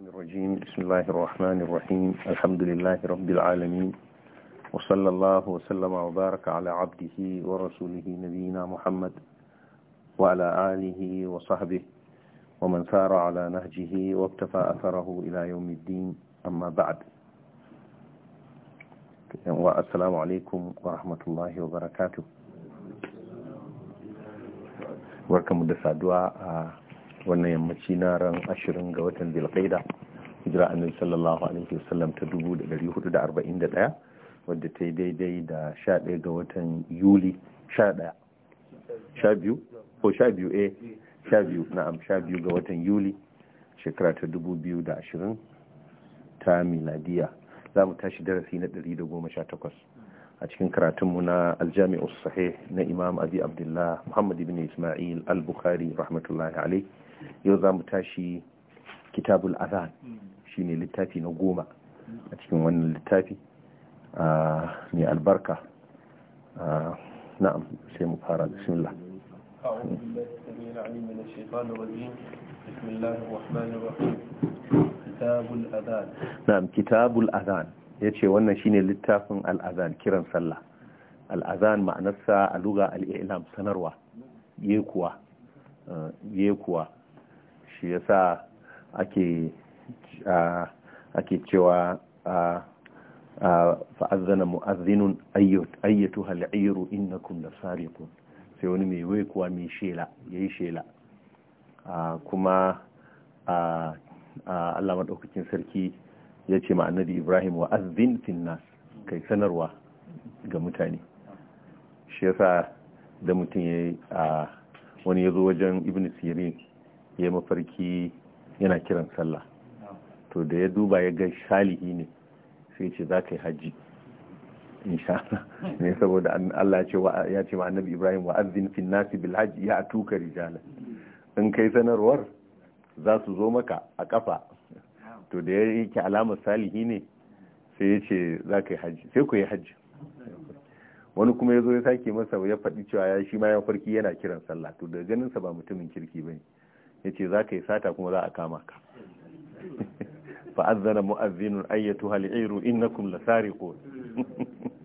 الرجيم بسم الله الرحمن الرحيم الحمد لله رب العالمين وصلى الله وسلم وبارك على عبده ورسوله نبينا محمد وعلى آله وصحبه ومن سار على نهجه واكتفى أثره إلى يوم الدين أما بعد والسلام عليكم ورحمة الله وبركاته بركة مدفع دعاء wannan yammaci na ran ashirin ga watan zilqaida hijira annabi sallallahu alaihi wasallam ta 1441 wadda ta yi daidai da 11 ga watan yuli 11 12 ko 12 eh 12 na'am 12 ga watan yuli shekara ta 2020 ta miladiya za mu tashi darasi na 118 a cikin karatunmu na aljami'ar sahih na imam abi abdullah muhammad ibn ismail al-bukhari rahmatullahi alaihi yau za mu tashi kitabul azan shine littafi na goma a cikin wannan littafi ah, mai albarka ah, na'am sai mu fara bismillah na'am kitabul azan ya ce wannan shine littafin al'azan kiran sallah al'azan ma'anarsa a luga al'ilam sanarwa yekuwa ah, yekuwa shi yasa ake ake cewa fa’azana mu’azinun ayyatu hal'iru innakum lasariqun sai wani mai wai kuwa mai shela ya yi shela kuma Allah ɗaukakin sarki ya ce ma'anar Ibrahim wa azin finnas kai sanarwa ga mutane shi yasa da mutum ya yi wani ya zo wajen ibn sirin ya mafarki yana kiran sallah to da ya duba ya ga shalihi ne sai ce za ka yi hajji insha Allah ne saboda Allah ya ce wa annabi Ibrahim wa azzin fil nasi bil hajji ya atuka rijala in kai sanarwar za su zo maka a kafa to da yake alamar salihi ne sai ya ce za ka yi hajji sai ku yi hajji wani kuma ya zo ya sake masa ya faɗi cewa ya shi ma ya farki yana kiran sallah to da ganin sa ba mutumin kirki bane ce za ka yi sata kuma za a kama ka fa'azzara mu'azzinun ayyatu hal'iru innakum ko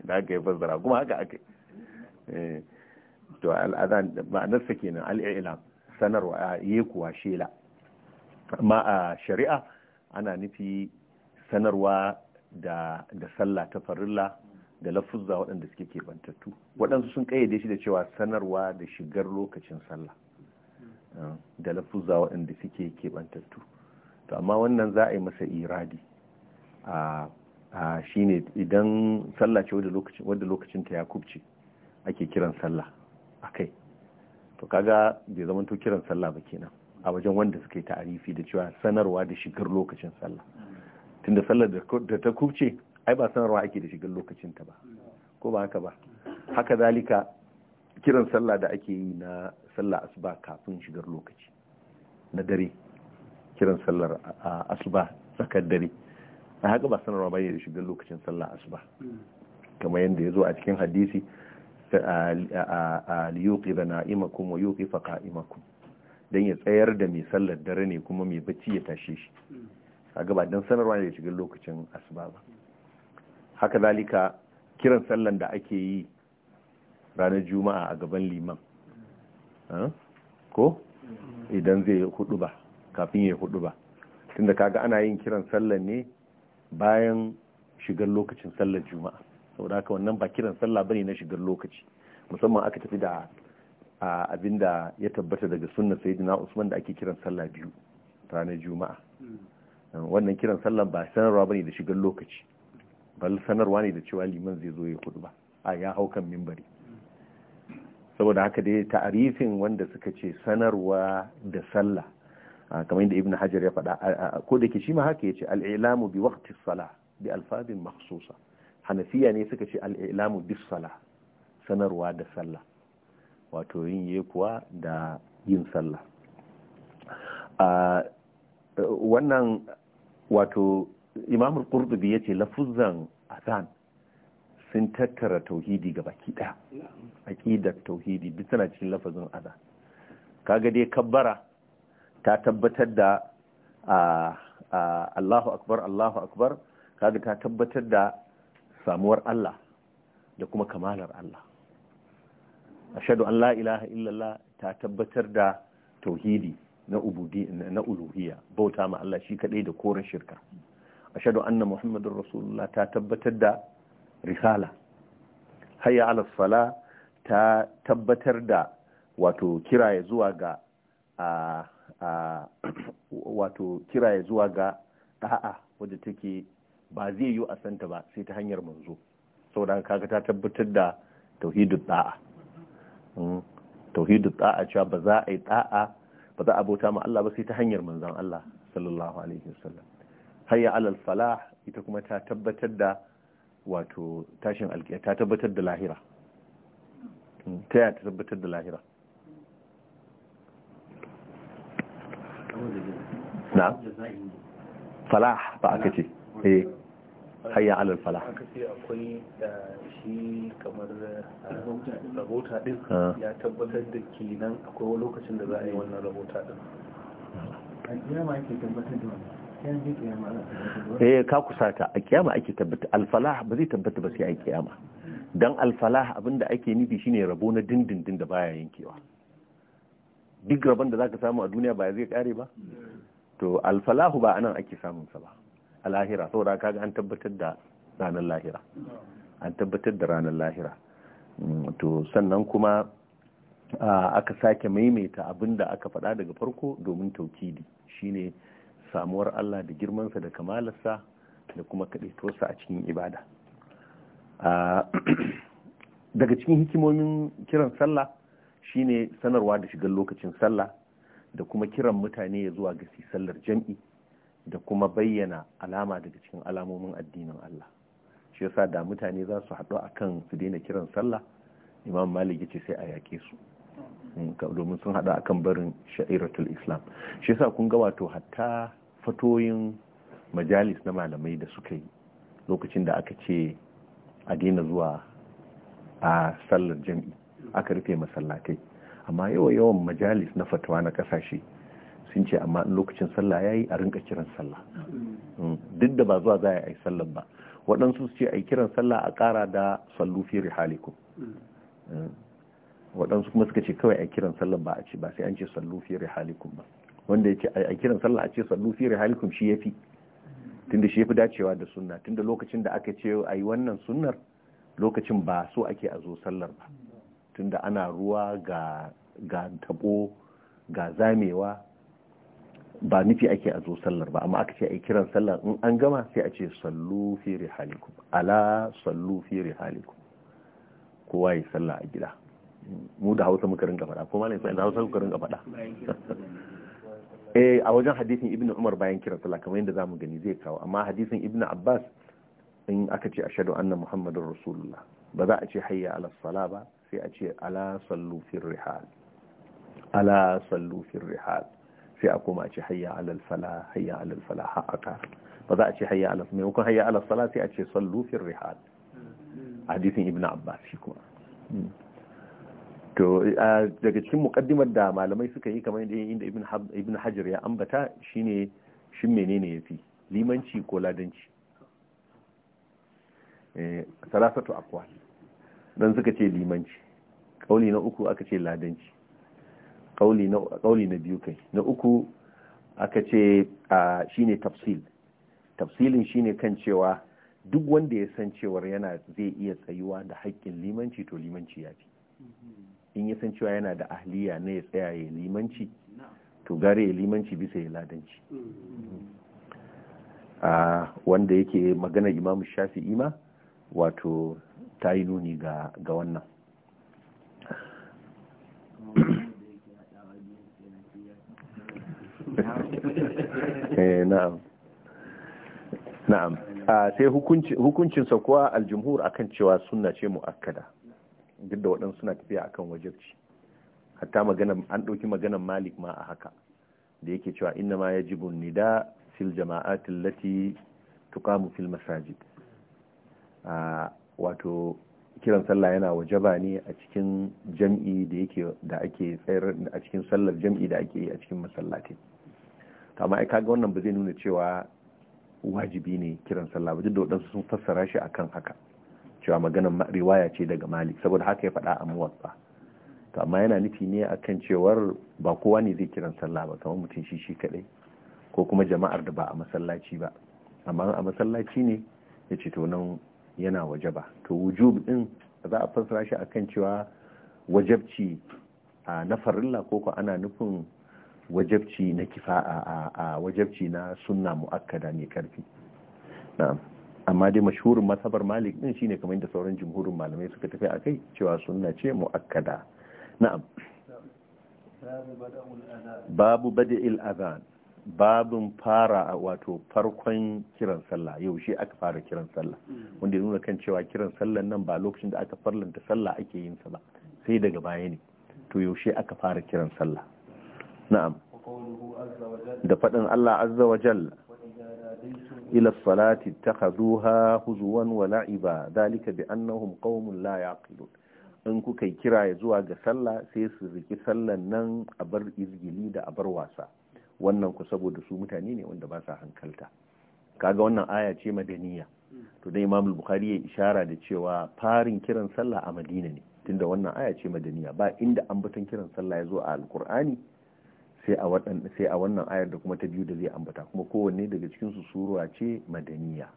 da aka yi fassara kuma haka aka yi eh, to al'adhan ma'anarsa kenan al'ilam sanarwa kuwa shela amma a shari'a ana nufi sanarwa da sallah ta farilla da lafuzza waɗanda suke kebantattu waɗansu sun ƙayyade shi da cewa sanarwa da shigar lokacin sallah da lafuzza waɗanda suke keɓantattu to amma wannan za a yi masa iradi a shine idan sallah ce wadda lokacinta ya kubce ake kiran sallah a kai to kaga bai zama to kiran sallah ba kenan a wajen wanda suka yi ta'arifi da cewa sanarwa da shigar lokacin sallah tunda sallah da ta kubce ai ba sanarwa ake da shigar lokacin ta ba ko ba haka ba haka zalika kiran sallah da ake yi na sallar asuba kafin shigar lokaci na dare kiran sallar asuba tsakar dare a haka ba sanarwa ba da shigar lokacin sallar asuba kamar yadda ya zo a cikin hadisi a liyuki da na'imakum wa yuki faka imakum don ya tsayar da mai sallar dare ne kuma mai bacci ya tashe shi a gaba don sanarwa ne da shigar lokacin asuba ba haka zalika kiran sallar da ake yi ranar juma'a a gaban liman ko idan zai hudu ba kafin ya hudu ba tunda kaga ana yin kiran sallar ne bayan shigar lokacin sallar juma'a saboda haka wannan ba kiran sallah bane na shigar lokaci musamman aka tafi da abin da ya tabbata daga sunnar sayyidina Usman da ake kiran sallah biyu ranar juma'a hmm. wannan kiran sallah ba sanarwa bane da shigar lokaci bal sanarwa ne da cewa liman zai zo ya hudu ba a ya hau kan mimbari saboda haka dai ta'arifin wanda suka ce sanarwa da sallah kamar yadda ibn hajar ya faɗa ko da ke shi ma haka ya ce al'ilamu bi waqti sala bi alfabin makhsusa hanafiya ne suka ce al'ilamu bi sala sanarwa da sallah wato yin yekuwa da yin sallah wannan wato imamul qurtubi yace lafuzan azan sun tattara tauhidi ga baki ɗaya aƙidar tauhidi duk tana cikin lafazin azan kaga dai kabbara ta tabbatar da Allahu akbar Allahu akbar kaga ta tabbatar da samuwar Allah da kuma kamalar Allah ashhadu an la ilaha illallah ta tabbatar da tauhidi na ubudi na uluhiyya bauta ma Allah shi kadai da koren shirka ashhadu anna muhammadur rasulullah ta tabbatar da risala hayya ala sala ta tabbatar da wato kiraye zuwa ga a wato kiraye zuwa ga da'a wadda take ba zai yi a santa ba sai ta hanyar manzo saboda kaga ta tabbatar da tauhidu da'a tauhidul da'a cewa ba za a yi da'a ba za a bauta ma Allah ba sai ta hanyar manzon Allah sallallahu alaihi wasallam hayya alal falah ita kuma ta tabbatar da wato tashin alƙiya ta tabbatar da lahira hmm, ta yaya ta tabbatar da lahira na falah ba aka ce eh hayya alal falah aka ce akwai eh, shi kamar eh, rahota din ah. ya tabbatar da kilinan akwai lokacin da za a yi wannan rahota din a kiyama yake tabbatar da wannan eh ka kusata a kiyama ake tabbata alfalah ba zai tabbata ba sai a kiyama dan alfalah abinda ake nufi shine rabo na dindindin da baya yankewa duk rabon da zaka samu a duniya ba zai kare ba to alfalahu ba anan ake samun sa ba a lahira saboda kaga an tabbatar da ranar lahira an tabbatar da ranar lahira mm, to sannan kuma ah, aka sake maimaita abinda aka faɗa daga farko domin taukidi shine samuwar Allah da girmansa da kamalarsa da kuma kaɗaitosa a cikin ibada daga cikin hikimomin kiran sallah shine sanarwa da shigar lokacin sallah da kuma kiran mutane ya zuwa ga sallar jam'i da kuma bayyana alama daga cikin alamomin addinin Allah shi yasa da mutane za su haɗu akan su daina kiran sallah imam malik ce sai a yaƙe su mm, domin sun haɗu akan barin sha'iratul islam shi yasa kun ga wato hatta fatoyin majalis na malamai da suka yi lokacin da aka ce a daina zuwa a sallar jam'i aka rufe masallatai amma yawan majalis na fatawa na kasashe sun ce amma lokacin sallah ya yi a rinka kiran sallah mm, duk da ba zuwa za a yi sallar ba waɗansu su ce a yi kiran sallah a ƙara da sallufi rihaliku mm, waɗansu kuma suka ce kawai a kiran sallar ba a ce ba sai an ce sallufi rihalikum ba wanda ya ce a kiran sallah a ce sallu fi halikum shi yafi tunda shi yafi dacewa da sunna tunda lokacin da aka ce a yi wannan sunnar lokacin ba so ake a zo sallar ba tunda ana ruwa ga ga tabo ga zamewa ba nufi ake a zo sallar ba amma aka ce a kiran sallar in an gama sai a ce sallu fi halikum ala sallu fi halikum kowa ya sallah a gida mu da hausa muka rinka faɗa ko malai sai da hausa muka rinka faɗa eh a wajen hadisin ibn umar bayan kira sallah kamar yadda zamu gani zai kawo amma hadisin ibn abbas in aka ce ashhadu anna muhammadar rasulullah ba za a ce hayya ala sala ba sai a ce ala sallu rihal ala sallu rihal sai a koma a ce hayya ala fala hayya ala fala ha aka ba za a ce hayya ala mai hukun hayya ala sala sai a ce sallu fir rihal hmm. hadisin ibn abbas shi kuma hmm. to daga cikin mukaddimar da malamai suka yi kamar inda ibn hajar ya ambata shine shin menene fi limanci ko ladanci eh, salasatu akwal dan suka ce limanci kauli na uku aka ce ladanci kauli na biyu kai na uku aka ce shine tafsil tafsilin shine kan cewa duk wanda ya san cewar yana zai iya tsayuwa da haƙƙin limanci to limanci ya fi in ya san cewa yana da ahliya na ya tsaya ya limanci to gare ya limanci bisa ya ladanci wanda yake magana imamu shafi'i ma wato ta yi nuni ga wannan eh, na'am sai hukuncinsa sa kuwa aljumhur akan cewa sunna ce mu'akkada duk da waɗansu suna tafiya akan wajabci hatta magana an ɗauki maganar malik ma a haka da yake cewa inna ma ya jibun nida fil jama'atin lati tuqamu fil masajid wato kiran sallah yana wajaba ne a cikin jam'i da yake da ake tsayar a cikin sallar jam'i da ake yi a cikin masallatai amma ai kaga wannan ba zai nuna cewa wajibi ne kiran sallah ba duk da waɗansu sun fassara shi akan haka cewa maganan riwaya ce daga malik saboda haka ya faɗa a muwatsa to amma yana nufi ne akan cewar ba kowa ne zai kiran sallah ba kamar mutum shi shi kaɗai ko kuma jama'ar da ba a masallaci ba amma a masallaci ne ya ce to nan yana waje ba to wujub din za a fassara shi akan cewa wajabci a na farilla ko ko ana nufin wajabci na kifa a wajabci na sunna mu'akkada ne karfi na'am amma dai mashhurin masabar malik din shine kamar da sauran jumhurin malamai suka tafi a kai cewa sunna ce mu'akkada na'am babu bada'il azan babun fara wato farkon kiran sallah yau shi aka fara kiran sallah wanda ya nuna kan cewa kiran sallah nan ba lokacin da aka farlanta sallah ake yin sa ba sai daga baya ne to yaushe aka fara kiran sallah na'am da faɗin Allah azza wa jalla إلى الصلاة اتخذوها هزوا ولعبا ذلك بأنهم قوم لا يعقلون in kuka yi kira ya zuwa ga sallah sai su riki sallan nan a bar izgili da a bar wasa wannan ku saboda su mutane ne wanda ba sa hankalta kaga wannan aya ce madaniya to dai imam bukhari ya ishara da cewa farin kiran sallah a madina ne tunda wannan aya ce madaniya ba inda an batan kiran sallah ya zo a alkur'ani sai a sai a wannan ayar da kuma ta biyu da zai ambata kuma kowanne daga cikin su surura ce madaniya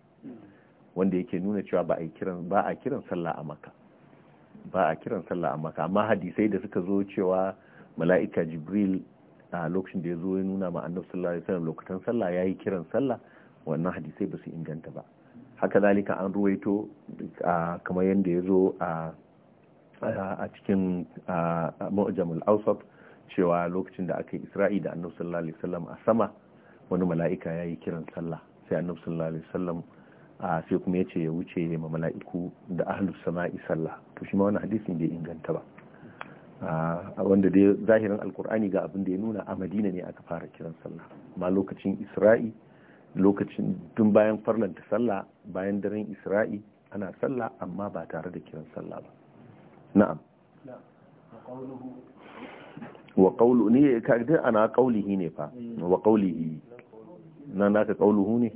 wanda yake nuna cewa ba a kiran ba a kiran sallah a maka ba a kiran sallah a maka amma hadisai da suka zo cewa mala'ika jibril a lokacin da ya zo ya nuna ma annabi sallallahu alaihi wasallam lokutan sallah yayi kiran sallah wannan hadisai ba su inganta ba haka zalika an ruwaito kamar yadda ya zo a cikin mu'jamul awsat cewa lokacin da aka yi isra'i da annabi sallallahu alaihi wasallam a sama wani mala'ika ya yi kiran sallah sai annabi sallallahu alaihi wasallam sai kuma ya ce ya wuce ma mala'iku da ahlus sama'i sallah to shi ma wani hadisin bai inganta ba a wanda dai zahirin alkur'ani ga abin da ya nuna a madina ne aka fara kiran sallah ma lokacin isra'i lokacin tun bayan farlanta sallah bayan daren isra'i ana sallah amma ba tare da kiran sallah ba na'am wa qawlu ne ka dai ana ƙaulihi ne fa mm. wa na, nan naka ƙauluhu ne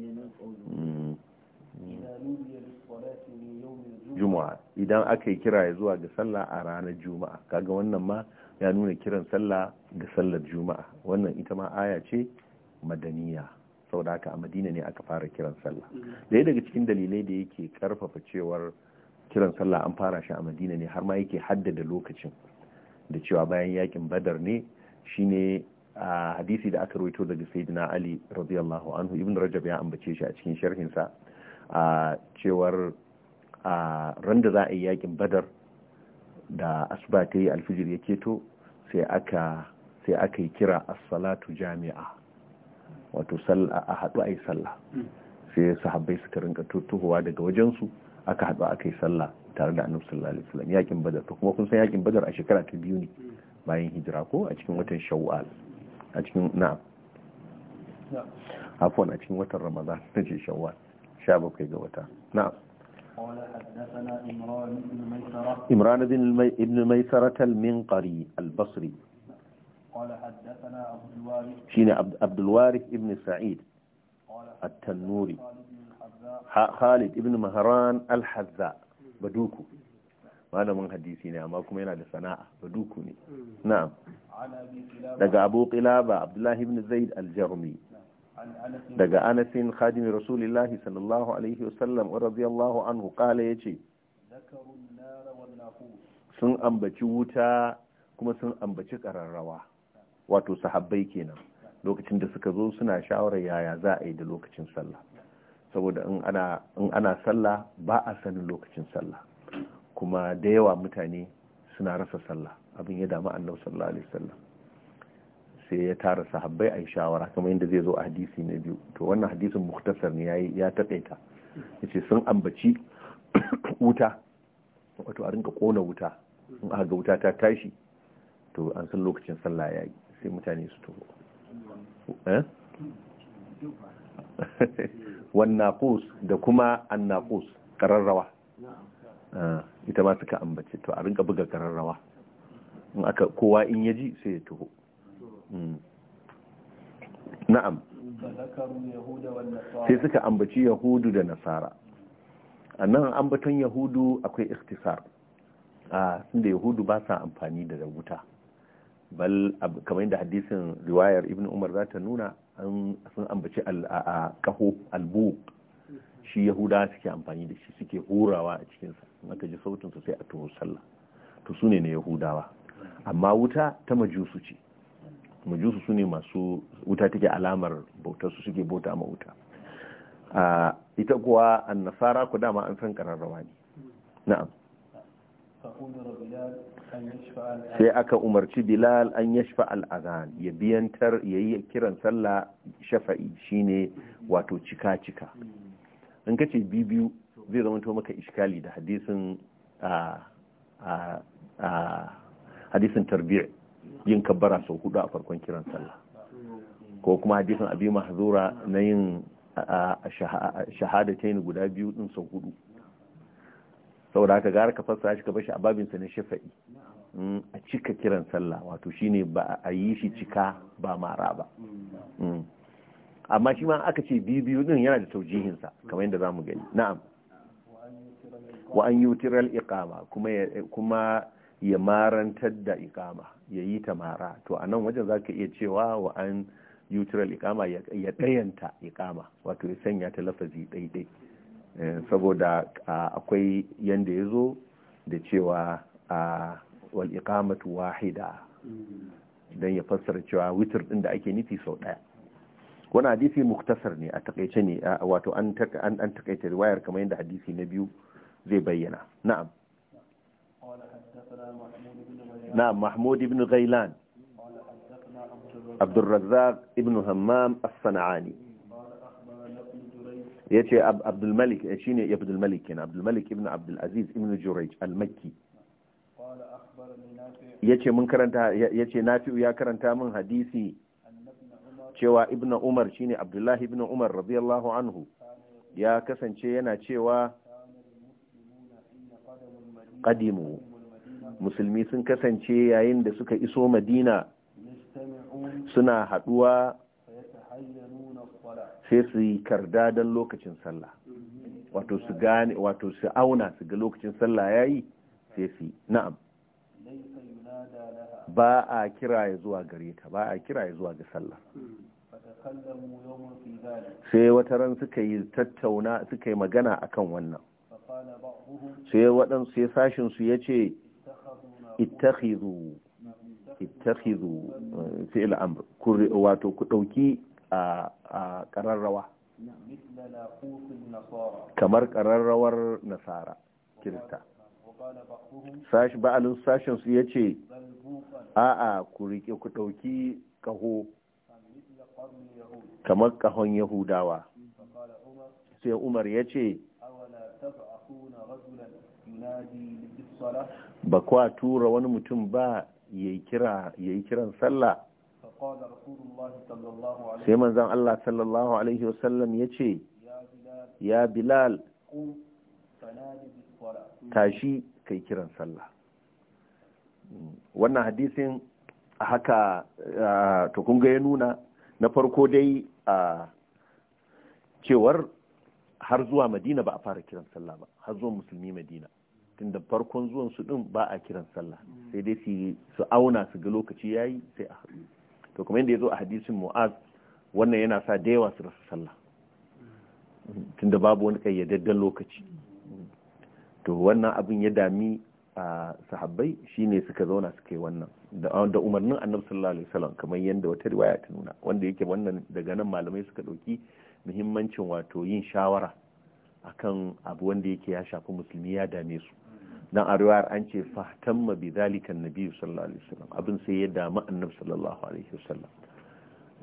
juma'a idan aka yi kira ya zuwa ga sallah a ranar juma'a kaga wannan ma ya nuna kiran sallah ga sallar juma'a wannan ita ma aya ce madaniya da haka a madina ne aka fara kiran sallah mm. daya daga cikin dalilai da yake karfafa cewar kiran sallah an fara shi a madina ne har ma yake haddada lokacin da cewa bayan yakin badar ne shine a hadisi da aka rawaito daga sayyidina ali radiyallahu anhu ibn rajab ya ambace shi a cikin sharhinsa a cewar a ran da za a yi yakin badar da asuba ta yi alfijir ya keto sai aka yi kira as-salatu jami'a wato sallah a haɗu a yi sallah hmm. sai sahabbai suka rinka tuttuhuwa daga wajensu aka haɗu aka yi sallah tare da annabi sallallahu alaihi wasallam yakin badar to kuma kun san yakin badar a shekara ta biyu ne bayan hijira ko a cikin watan shawwal a cikin na'am عفوا أتين وتر رمضان نجي شوال شابك يقوتا نعم قال حدثنا إمران بن ميسرة إمران بن المي... ابن ميسرة المنقري البصري قال حدثنا عبد الوارث شين عبد, عبد الوارث ابن سعيد التنوري خالد, خالد ابن مهران الحذاء baduku malamin hadisi ne amma kuma yana da sana'a baduku ne hmm. na'am daga abu qilaba abdullahi ibn zaid al-jarmi daga anasin khadim rasulullahi sallallahu alaihi wasallam radiyallahu anhu qala yace sun ambaci wuta kuma sun ambaci kararrawa wato sahabbai kenan lokacin da suka zo suna shawarar yaya za a yi da lokacin sallah saboda in ana sallah ba a sanin lokacin sallah kuma da yawa mutane suna rasa sallah abin ya damu annabi sallallahu alaihi wasallam sai ya tara sahabbai a shawara kamar yadda zai zo a hadisi na biyu to wannan hadisin muktasar ne yayi ya takaita yace sun ambaci wuta wato a rinka kona wuta in aka ga wuta ta tashi to an san lokacin sallah yayi sai mutane su to eh wannaqus da kuma annaqus kararrawa ah, ita ma suka ambace to a rinka buga kararrawa in aka kowa in yaji sai ya tuho hmm. na'am sai suka ambaci yahudu da nasara a nan ambaton yahudu akwai ikhtisar a ah, da yahudu ba sa amfani da rubuta, bal kamar inda hadisin riwayar ibn umar za ta nuna sun ambaci a kaho albu shi yahudawa suke amfani da shi suke horawa a cikinsa in aka ji sautinsa sai a tuhu sallah to su ne na yahudawa amma wuta ta majusu ce majusu su ne masu wuta take alamar bautar su suke bauta ma wuta ita kuwa annasara ku dama an san kararrawa ne na'am sai aka umarci bilal an shafa al'azan ya biyantar ya yi kiran sallah shafa'i shine wato cika-cika in ka ce biyu zai zamanto maka iskali da hadisin hadisin tarbiyyar yin kabbara sau hudu a farkon kiran sallah ko kuma hadisin abi mahzura na yin shahadatain guda biyu din sau hudu saboda haka gara ka fassara shi ka bashi a babinsa na shafa'i mm, a cika kiran sallah wato shine ba a yi shi cika ba mara ba mm. amma shi ma aka ce biyu din yana da taujihinsa kamar yadda zamu gani na'am wa an yutiral iqama kuma kuma ya marantar da iqama ya yi ta mara to a nan wajen zaka iya cewa wa an yutiral iqama ya dayanta iqama wato ya sanya ta lafazi daidai Eh, saboda akwai yanda ya zo da cewa wal iqamatu wahida don ya fassara cewa witir din da ake nufi sau ɗaya. wani hadisi muktasar ne a takaice ne wato an takaita riwayar kamar yadda hadisi na biyu zai bayyana na'am Na'am mahmud ibn ghailan عبد Ibn hammam As-Sana'ani. ya ce abdulmalik eh, shi ne abdulmalik kenan abdulmalik ibn abdulaziz ibn juraj al-makki ya ce mun karanta ya ce nafi'u ya karanta min hadisi cewa ibn umar shine abdullahi ibn umar radiyallahu anhu ya kasance yana cewa qadimu musulmi sun kasance yayin da suka iso madina suna haduwa sai su yi karda don lokacin sallah wato su gane wato su auna su ga lokacin sallah ya yi sai su na'am ba a kira ya zuwa gare ta ba a kira ya zuwa ga sallah sai wata ran suka yi tattauna suka yi magana akan wannan sai waɗansu sai sashin su ce ittakhidhu ittakhidhu eh, fi'l amr wato ku dauki a ƙararrawa kamar ƙararrawar nasara kirista ba'alin sashensu ya ce a'a ku riƙe ku ɗauki ƙaho kamar ƙahon yahudawa sai umar ya ce ba kwa tura wani mutum ba ya yi kiran sallah sai manzan Allah sallallahu alaihi wasallam ya ce ya bilal tashi kai kiran sallah wannan hadisin haka to ga ya nuna na farko dai a cewar har zuwa madina ba a fara kiran sallah ba har zuwa musulmi madina da farkon zuwan su din ba a kiran sallah mm. sai dai su auna su ga lokaci yayi sai a haɗu to kuma yadda ya zo a hadisin mu'az wannan yana sa da yawa su rasa sallah tunda babu wani kayyadadden lokaci to wannan abin ya dami a sahabbai shine suka zauna suka yi wannan da umarnin annabi sallallahu alaihi wasallam kamar yadda wata riwaya ta nuna wanda yake wannan daga nan malamai suka dauki muhimmancin wato yin shawara akan abu wanda yake ya shafi musulmi ya dame su dan a an ce ma bi zalika annabi sallallahu alaihi wasallam abin sai ya damu annabi sallallahu alaihi wasallam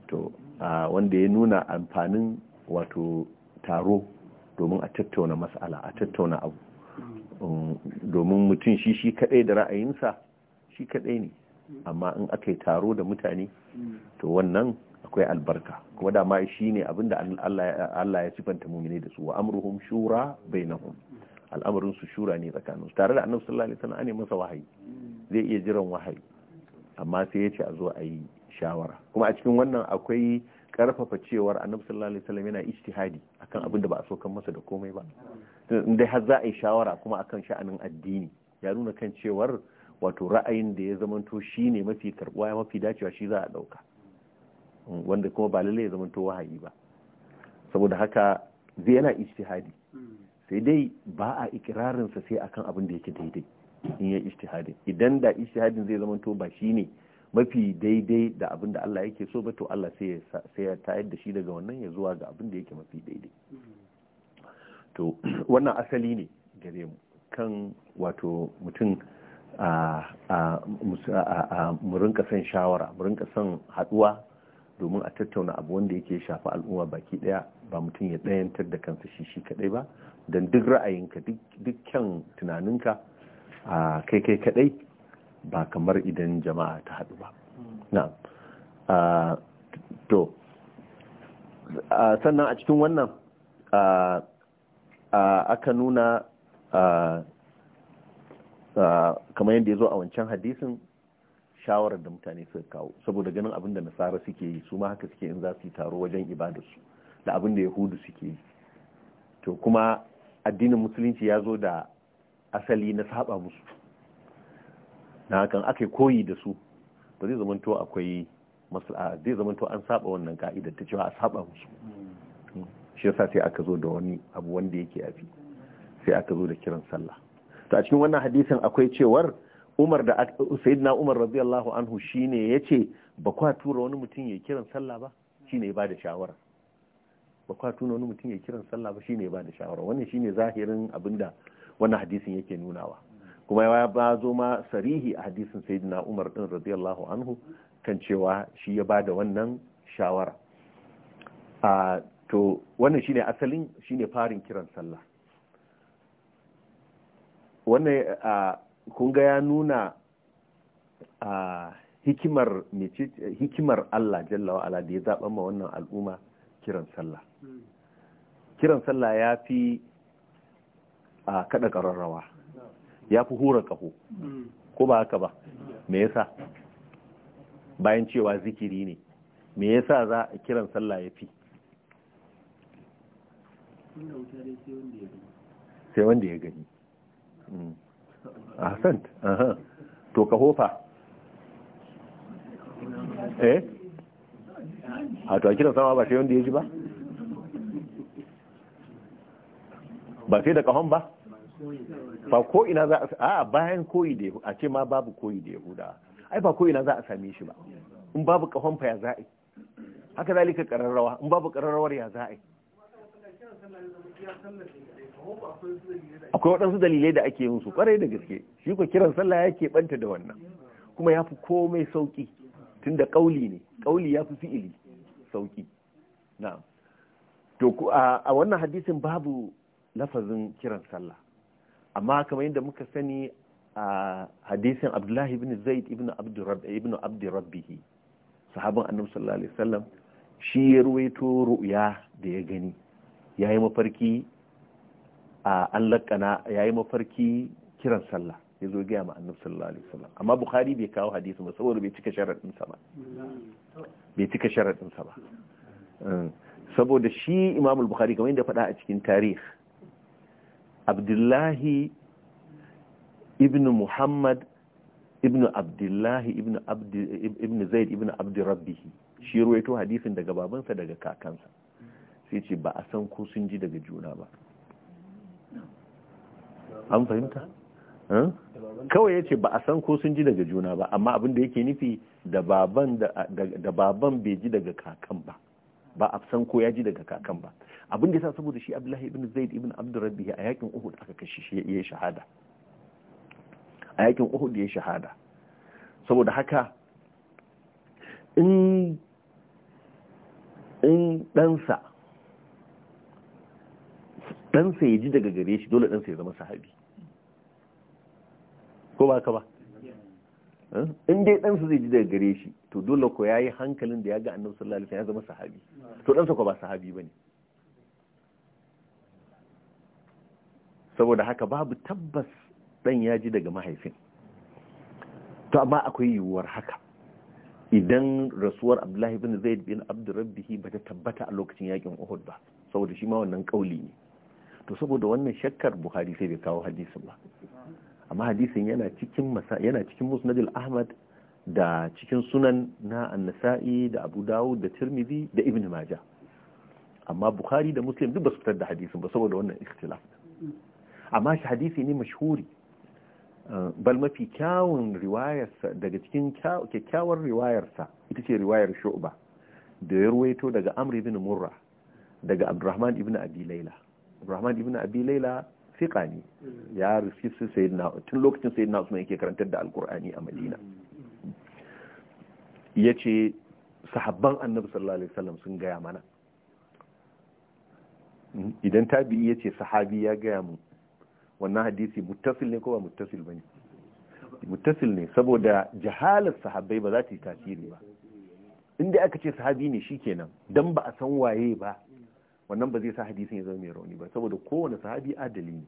to wanda ya nuna amfanin wato taro domin a tattauna mas'ala a tattauna abu um, domin mutum shi shi kadai da ra'ayinsa shi kadai ne amma in aka taro da mutane to wannan akwai albarka kuma dama shi ne abinda Allah ya sifanta mumine da su wa amruhum shura bainahum al'amarin su shura ne tsakanin tare da annabi sallallahu alaihi wasallam ne masa wahayi zai iya jiran wahayi amma sai ya ce a zo a yi shawara kuma a cikin wannan akwai karfafa cewar annabi sallallahu alaihi wasallam yana ijtihadi akan abin da ba a so kan masa da komai ba In dai har za a yi shawara kuma akan sha'anin addini ya nuna kan cewar wato ra'ayin da ya zamanto shine mafi karbuwa mafi dacewa shi za a dauka wanda kuma ba lalle ya zamanto wahayi ba saboda haka zai yana ijtihadi sai dai ba a ikirarin sa sai akan abin da yake daidai in ya ishtihadi idan da ishtihadin zai zama to ba shi ne mafi daidai da abin da Allah yake so ba to Allah sai ya tayar da shi daga wannan ya zuwa ga abin da yake mafi daidai to wannan asali ne gare mu kan wato mutum a murinka son shawara murinka son haduwa domin a tattauna abu wanda yake shafi al'umma baki daya ba mutum ya dayantar da kansa shi shi kadai ba don duk ra'ayinka dukkan tunaninka a kai kai kadai ba kamar idan jama'a ta haɗu ba to sannan a cikin wannan aka nuna kamar yadda ya zo a wancan hadisin shawarar da mutane suka kawo saboda ganin abin da nasara suke yi su ma haka suke in za su yi taro wajen ibadarsu da abin da yahudu suke yi to kuma addinin musulunci ya zo da asali na saba musu na hakan aka koyi da su to zai zamanto akwai zai zamanto an saba wannan ka'ida ta cewa a saba musu hmm. shi yasa sai aka zo da wani abu wanda yake yafi sai aka zo da kiran sallah to a cikin wannan hadisin akwai cewar umar da sayyidina umar radiyallahu anhu shine yace ba kwa tura wani mutum ya kiran sallah ba shine ya bada shawara ba kwa tura wani mutum ya kiran sallah ba shine ya bada shawara wannan shine zahirin abinda wannan hadisin yake nunawa kuma ya ba zo ma sarihi a hadisin sayyidina umar din radiyallahu anhu kan cewa shi ya bada wannan shawara a to wannan shine asalin shine farin kiran sallah wannan kun ga ya nuna a hikimar hikimar Allah jalla wa ala da ya zaɓa ma wannan al'umma kiran sallah kiran sallah ya fi a kada ƙararrawa ya fi hura ƙaho ko ba haka ba me yasa bayan cewa zikiri ne me yasa za a kiran sallah ya fi sai wanda ya gani hmm. A aha to ka hofa eh a to a sama ba sai wanda ya ji ba ba sai da kahon ba ba ko ina za a a bayan koyi da a ce ma babu koyi da yahuda ai ba ko ina za a same shi ba in babu kahon fa ya za'i haka zalika kararrawa in babu kararrawar ya za'i akwai waɗansu dalilai da ake yin su kwarai da gaske shi ko kiran sallah ya ke banta da wannan kuma ya fi komai sauki da kauli ne kauli ya fi fi'ili sauƙi na'am to a wannan hadisin babu lafazin kiran sallah amma kamar yadda muka sani a hadisin abdullahi ibn zaid ibn abdu sahabin annabi sallallahu alaihi wasallam shi ya ruwaito ru'ya da ya gani ya yi mafarki an lakana yi mafarki kiran sallah ya zo gaya ma annabi sallallahu alaihi wasallam amma bukhari bai kawo hadisi ba saboda bai cika sharadin sa ba bai cika sharadin sa ba mm. saboda shi imam bukhari kamar yadda faɗa a cikin tarih, abdullahi ibn muhammad ibn abdullahi ibn ibn zaid ibn abd rabbih shi ruwaito hadisin daga babansa daga kakansa sai ce ba a san ko sun ji daga juna ba an fahimta kawai ya ce ba a san ko sun ji daga juna ba amma abin da yake nufi da baban bai ji daga kakan ba ba a san ko ya ji daga kakan ba abin da ya sa saboda shi abdullahi ibn zaid ibn abdurrabbi a yakin uhud aka kashe shi ya shahada a yakin uhud ya shahada saboda haka in ɗansa ɗansa ya ji daga gare shi dole ɗansa ya zama sahabi ko ba ka ba eh? in dai su zai ji daga gare shi to dole ko ya yi hankalin da ya ga annabi sallallahu alaihi wasallam ya zama sahabi to sa ko ba sahabi bane saboda haka babu tabbas dan ya ji daga mahaifin to amma akwai yiwuwar haka idan rasuwar abdullahi bin zaid bin abdurrabbihi ba ta tabbata a lokacin yakin uhud ba saboda shi ma wannan kauli ne to saboda wannan shakkar buhari sai bai kawo hadisin ba amma hadisin yana cikin masa yana cikin musnadul ahmad da cikin sunan na annasa'i da abu dawud da tirmidhi da ibn majah amma bukhari da muslim duk ba su fitar da hadisin ba saboda wannan ikhtilaf amma shi hadisi ne mashhuri uh, bal mafi kyawun riwayarsa daga cikin kyakkyawar riwayarsa ita ce riwayar shu'ba da Yarwaito daga amr ibn murra daga abdurrahman ibn abi laila abdurrahman ibn abi laila fiƙa ne mm. ya rufi su sai na tun lokacin sai na usman yake karantar da alkur'ani a madina mm. ya ce sahabban annabi sallallahu alaihi wasallam sun gaya mana idan tabi'i ya ce sahabi ya gaya mu wannan hadisi muttasil ne ko ba muttasil ne? muttasil ne saboda jahalar sahabbai ba za ta yi tasiri ba inda aka ce sahabi ne shi shikenan dan ba a san waye ba wannan ba zai sa hadisin ya zama mai rauni ba saboda kowane sahabi adali ne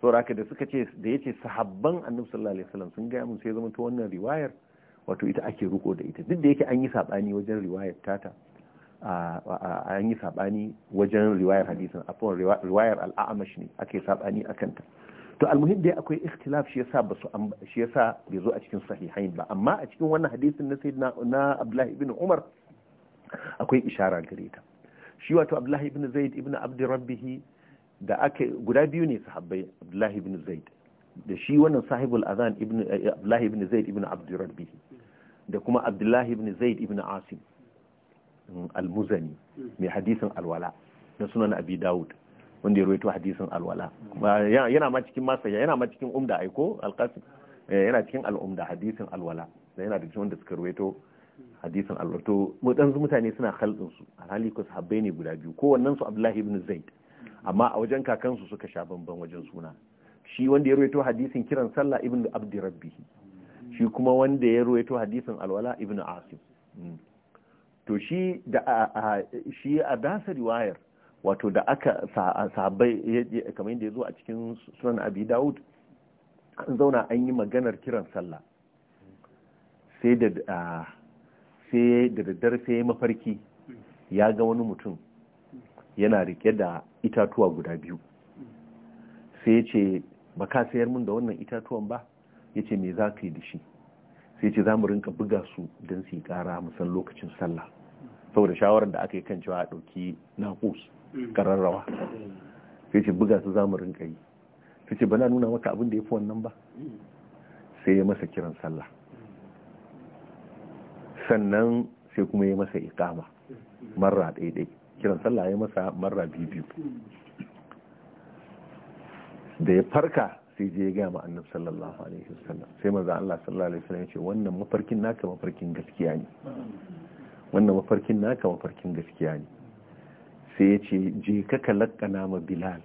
saboda haka da suka ce da yace sahabban annabi sallallahu alaihi wasallam sun gaya mun sai zama ta wannan riwayar wato ita ake riko da ita duk da yake an yi sabani wajen riwayar tata an yi sabani wajen riwayar hadisin afwan riwayar al ne ake sabani akan ta to almuhim dai akwai ikhtilaf shi yasa ba su shi yasa bai zo a cikin sahihain ba amma a cikin wannan hadisin na sayyidina na Abdullahi ibn Umar akwai ishara gare ta shi wato abdullahi ibn zaid ibn Abdi rabbihi da aka guda biyu ne sahabbai abdullahi ibn zaid da shi wannan sahibul azan ibn eh, eh, abdullahi ibn zaid ibn Abdi rabbihi da kuma abdullahi ibn zaid ibn asim mm, al-muzani mai hadisin alwala na sunan abi daud wanda ya rawaito hadisin alwala yana ma cikin masaya yana ma cikin umda aiko alqasim eh, yana cikin al-umda hadisin alwala da yana da cikin wanda suka rawaito hadisin Allah to waɗansu mutane suna khalɗin su alhali ku sahabbai ne guda biyu ko wannan su Abdullahi ibn Zaid amma a wajen kakansu suka sha bamban wajen suna shi wanda ya ruwaito hadisin kiran sallah ibn Abdi Rabbih shi kuma wanda ya ruwaito hadisin alwala ibn Asim hmm. to shi da shi a dasa riwayar wato da aka sahabbai kamar yadda ya zo a cikin sunan Abi Dawud an zauna an yi maganar kiran sallah sai da sai da daddare sai ya mafarki ya ga wani mutum yana rike da itatuwa guda biyu sai ya ce ba ka sayar min da wannan itatuwan ba ya ce me za ka yi da shi sai ce za mu rinka buga su don su yi kara musan lokacin sallah saboda shawarar da aka yi kan cewa a ɗauki naƙus ƙararrawa sai ce buga su za mu rinka yi sai ce ba na nuna maka abin da ya fi wannan ba sai ya masa kiran sallah sannan sai kuma ya masa ikama marra ɗaiɗai kiran sallah ya masa marra biyu da ya farka sai je ya gama annan sallallahu alaihi wasallam sai maza Allah sallallahu alaihi wasallam ya ce wannan mafarkin naka mafarkin gaskiya ne wannan mafarkin naka mafarkin gaskiya ne sai ya ce je ka kalakana ma bilal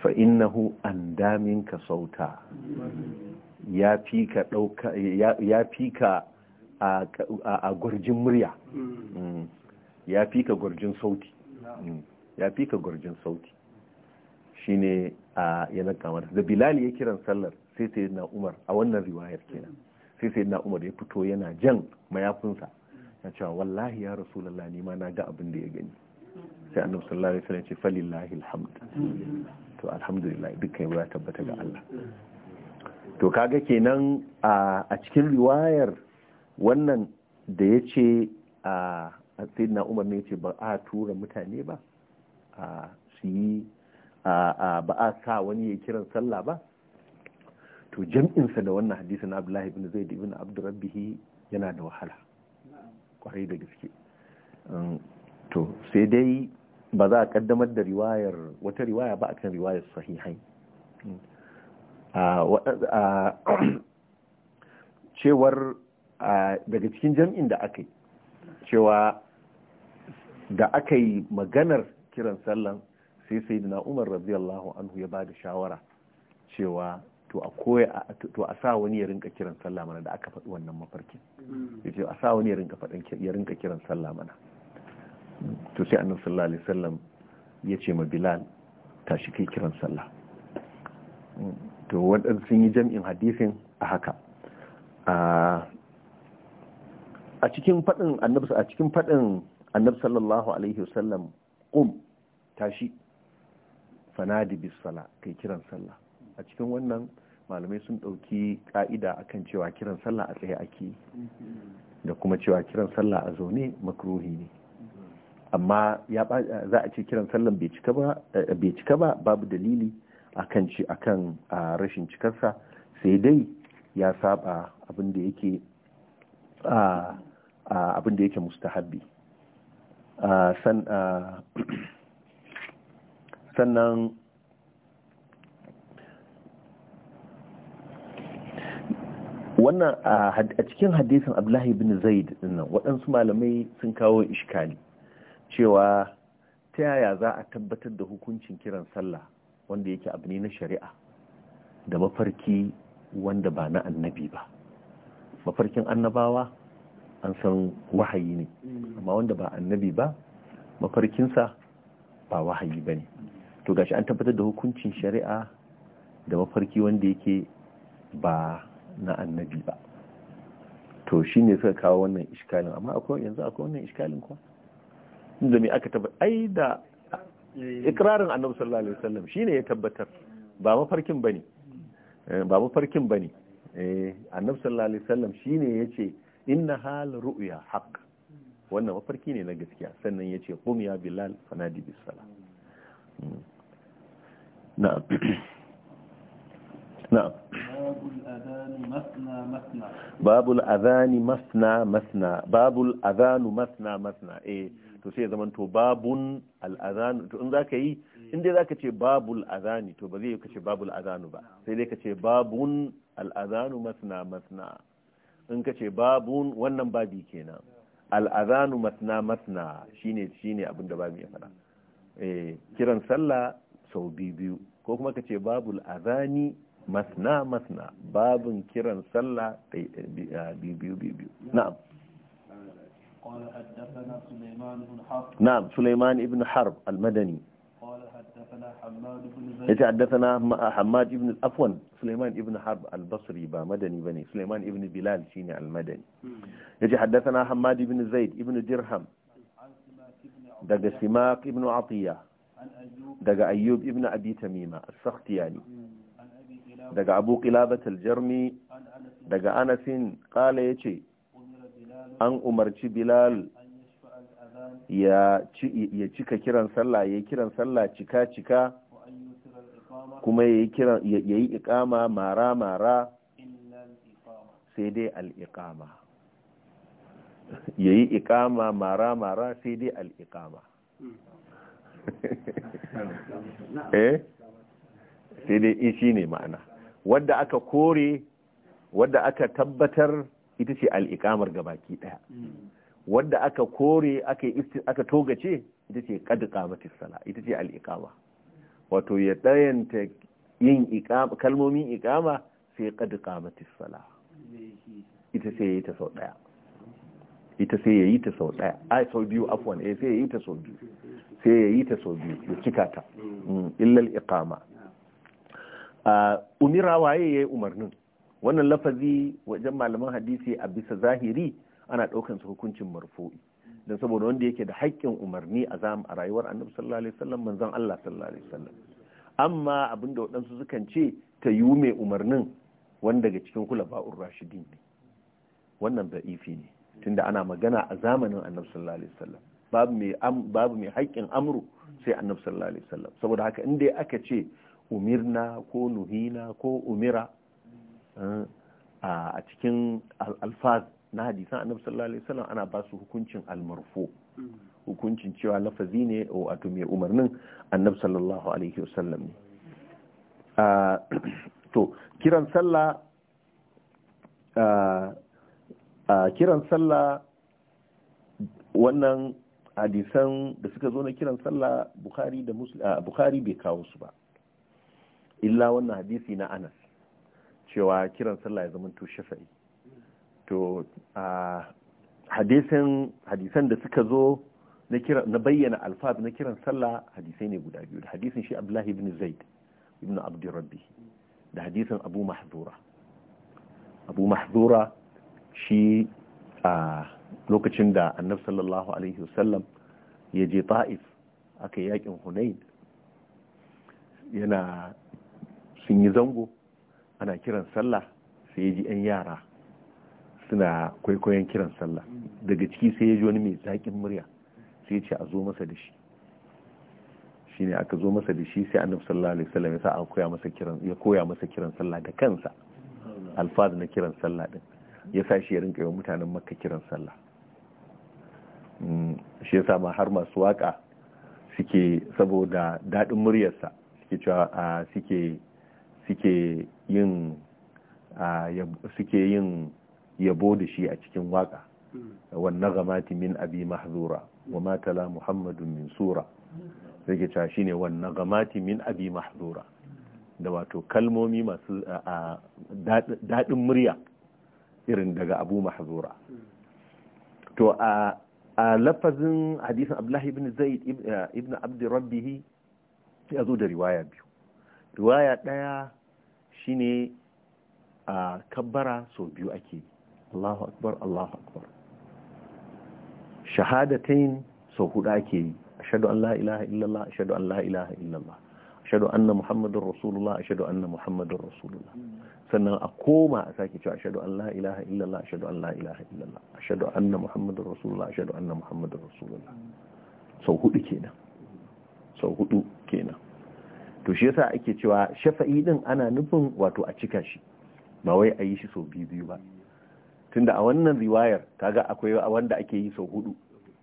fa innahu an daminka sauta ya fi ka a gwarjin murya hmm. Hmm. ya fi ka gwarjin sauti hmm. ya fi ka gwarjin sauti ne a yanar kamar da bilali ya kiran sallar sai sai na umar a wannan riwayar kenan sai sai na umar ya fito yana jan mayafinsa ya cewa wallahi ya rasu ni ma na ga abin da ya gani sai annabi sallallahu alaihi wasallam ya ce falillahi alhamd to alhamdulillah dukkan ya tabbata ga Allah to kaga kenan a cikin riwayar wannan da ya ce a sayyidina umar ne ce ba a tura mutane ba a su yi ba a sa wani ya kiran sallah ba to jam'insa da wannan hadisin abdullahi ibn zaid ibn abdurrabbihi yana da wahala kwarai da gaske um, to sai dai ba za a kaddamar da riwayar wata riwaya ba akan riwayar sahihai um, cewar daga cikin jam'in da aka yi cewa da aka yi maganar kiran sallan sai sai da umar radiyallahu anhu ya ba da shawara cewa to a koya a sa wani ya rinka kiran sallah mana da aka faɗi wannan mafarkin yace a sa wani ya rinka kiran sallah mana to sai annabi alai sallam ya yace ma bilal tashi kai kiran sallah to waɗansu sun yi jam'in hadisin a haka a cikin faɗin annabi a cikin faɗin annabi sallallahu alaihi wasallam qum tashi fanadi bis sala kai kiran sallah a cikin wannan malamai sun ɗauki ka'ida akan cewa kiran sallah a tsaye ake da kuma cewa kiran sallah a zaune makruhi ne amma ya za a ce kiran sallan eh, bai cika ba babu dalili akan ci akan rashin cikarsa sai dai ya saba abin da yake a Ah, abin da yake mustahabbi ah, ah, sannan wannan a cikin hadisin abdullahi bin zaid dinnan waɗansu malamai sun kawo ishkali cewa ta yaya za a tabbatar da hukuncin kiran sallah wanda yake abu ne na shari'a da mafarki wanda ba na annabi ba mafarkin annabawa an san wahayi ne amma wanda ba annabi ba mafarkinsa ba wahayi ba ne to gashi an tabbatar da hukuncin shari'a da mafarki wanda yake ba na annabi ba to shi ne suka kawo wannan iskalin amma akwai yanzu akwai wannan iskalin kuwa inda mai aka tabbatar ai da ikirarin annabi sallallahu alaihi wasallam shine ya tabbatar ba mafarkin bane eh, ba mafarkin bane eh annabi sallallahu alaihi wasallam shine yace inna hal ru'ya haqq wannan mafarki ne na gaskiya sannan yace qum ya bilal fanadi bis sala hmm. na'am na'am babul adhani masna masna babul adhani masna masna eh to sai zaman to babun al'azanu to in zaka yi in dai zaka ce babul azani to ba zai yi kace babul azanu ba sai dai kace babun al'azanu masna masna in ka ce babun wannan babi kenan al'azanu masna masna shine shine abin da babu ya faɗa eh, kiran sallah sau biyu ko kuma ka ce babu azani masna masna babun kiran sallah biyu biyu na'am نعم سليمان بن حرب المدني yace haddathana Hammad ibn Afwan Sulaiman ibn Harb al-Basri ba madani bane Sulaiman ibn Bilal shine al-Madani yace haddathana Hammad ibn Zaid ibn Dirham daga Simak ibn Atiya daga Ayyub ibn Abi Tamima as-Sakhtiyani daga Abu Qilabat al-Jarmi daga Anas qala yace an umarci Bilal ya cika kiran sallah ya kiran sallah cika cika kuma ya yi ikama mara mara sai dai al'iƙama ya yi ikama mara mara sai dai al'iƙama eh sai dai shi ne ma'ana wadda aka kore wadda aka tabbatar ita ce al'iƙamar gabaki ɗaya wadda aka kore aka aka togace ita ce qad qamatis sala ita ce al iqama wato ya tsayanta yin iqama kalmomin iqama sai qad qamatis sala ita sai yayi ta sau daya ita sai yayi ta sau daya ai sau biyu afwan eh sai yayi ta sau biyu sai yayi ta sau biyu ya cika ta mm, illa al iqama umira waye yayi umarnin wannan lafazi wajen malaman hadisi a bisa zahiri ana ɗaukan su hukuncin marfu'i don saboda wanda yake da haƙƙin umarni a zam a rayuwar annabi sallallahu alaihi wasallam manzon Allah sallallahu alaihi wasallam amma abinda waɗansu sukan ce ta yi mai umarnin wanda daga cikin kula ba'ur rashidin ne wannan ifi ne tunda ana magana a zamanin annabi sallallahu alaihi wasallam babu mai babu mai haƙƙin amru sai annabi sallallahu alaihi wasallam saboda haka in dai aka ce umirna ko nuhina ko umira eh, a cikin alfaz na hadisan annabi sallallahu alaihi wasallam ana ba su hukuncin almarfu hmm. hukuncin cewa lafazi ne wato mai umarnin annabi sallallahu alaihi wasallam ne ah, to kiran sallah ah, ah, kiran sallah wannan hadisan da suka zo na kiran sallah bukhari da bukhari bai kawo su ba illa wannan hadisi na anas cewa kiran sallah ya zama to shafa'i to a hadisan hadisan da suka zo na kira na bayyana alfaz na kiran sallah hadisai ne guda biyu da hadisin shi Abdullahi ibn Zaid ibn Abdurrabbi da hadisin Abu Mahzura Abu Mahzura shi a lokacin da Annabi sallallahu alaihi wasallam ya je Ta'if aka yakin Hunain yana sun yi zango ana kiran sallah sai ya ji 'yan yara suna kwaikwayon kiran sallah daga ciki sai ya ji wani mai zaƙin murya sai ce a zo masa da shi shine aka zo masa da shi sai annabi sallallahu alaihi wasallam ya sa a koya masa kiran ya koya masa kiran sallah da kansa alfaz na kiran sallah din ya sa shi ya rinka yi mutanen makka kiran sallah mm, shi sa ma har masu waka suke saboda daɗin muryarsa suke cewa suke suke yin suke yin yabo da shi a cikin waka hmm. wannan nagamati min abi mahzura wa matala muhammadun min sura sai cewa shine wannan nagamati min abi mahzura da wato kalmomi masu daɗin murya irin daga abu mahzura hmm. to a lafazin hadisin abdullahi ibn zaid ibn abdi rabbihi ya zo da riwaya biyu riwaya ɗaya shine a kabbara sau biyu ake yi Allahu akbar Allahu akbar shahadatain sau hudu ake yi ashhadu an la ilaha illallah ashhadu an la ilaha illallah ashhadu anna muhammadar rasulullah ashhadu anna muhammadar rasulullah sannan a koma a sake cewa ashhadu an la ilaha illallah ashhadu an la ilaha illallah ashhadu anna muhammadar rasulullah ashhadu anna muhammadar rasulullah sau hudu kenan sau hudu kenan to shi yasa ake cewa shafa'i din ana nufin wato a cika shi ba wai a yi shi sau biyu biyu ba tunda a wannan riwayar kaga akwai wanda ake yi sau hudu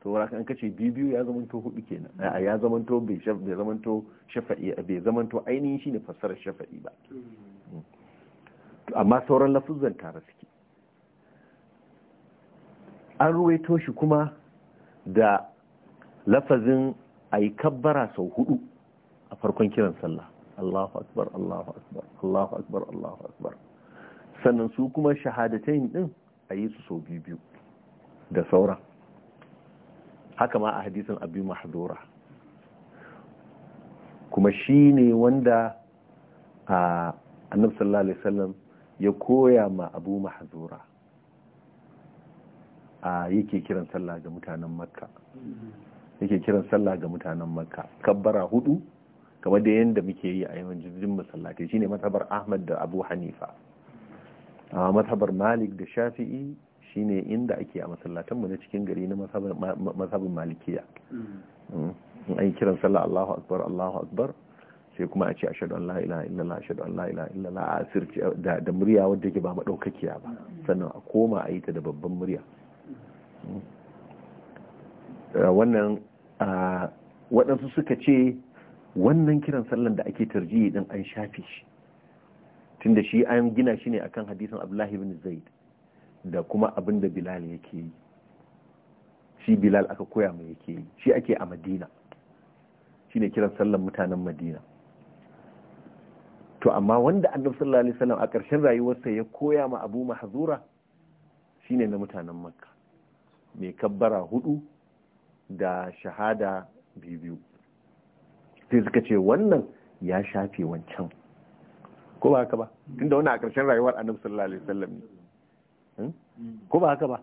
to raka an kace biyu biyu ya zamanto hudu kenan a ya zamanto bai bai zamanto shafa'i bai zamanto ainihin shine fassarar shafa'i ba amma sauran lafuzan tare suke an ruwaito shi kuma da lafazin ayi kabbara sau hudu a farkon kiran sallah Allahu akbar Allahu akbar Allahu akbar Allahu akbar sannan su kuma shahadatain din a yi su sau biyu biyu da sauran haka ma a hadisin abu mahadura kuma shi ne wanda a annabi sallallahu alaihi wasallam ya koya ma abu mahadura a yake kiran sallah ga mutanen makka yake kiran sallah ga mutanen makka kabbara hudu kamar da yadda muke yi a yawan jirgin masallatai shine matabar ahmad da abu hanifa a mazhabar malik da shafi'i shine inda ake a masallatan mu na cikin gari na mazhabin malikiya mm. Mm. in an kiran sallah Allahu akbar Allahu akbar sai kuma a ce ashhadu an la ilaha illallah ashhadu an la ilaha illallah a asirci da murya wadda ke ba madaukakiya ba sannan a koma a yi ta da babban murya mm. wannan waɗansu suka ce wannan kiran sallan da ake tarjiyi ɗin an shafe shi tunda shi an gina shi ne akan hadisin abdullahi bin zaid da kuma abin da bilal yake yi shi bilal aka koya mai yake yi shi ake a madina shi ne kiran sallan mutanen madina to amma wanda annabi sallallahu alaihi wasallam a ƙarshen rayuwarsa ya koya ma abu mahzura shine na mutanen makka mai kabbara hudu da shahada biyu sai suka ce wannan ya shafe wancan ko ba haka ba tunda wani a ƙarshen rayuwar annabi sallallahu alaihi wasallam ne hmm? ko ba haka ba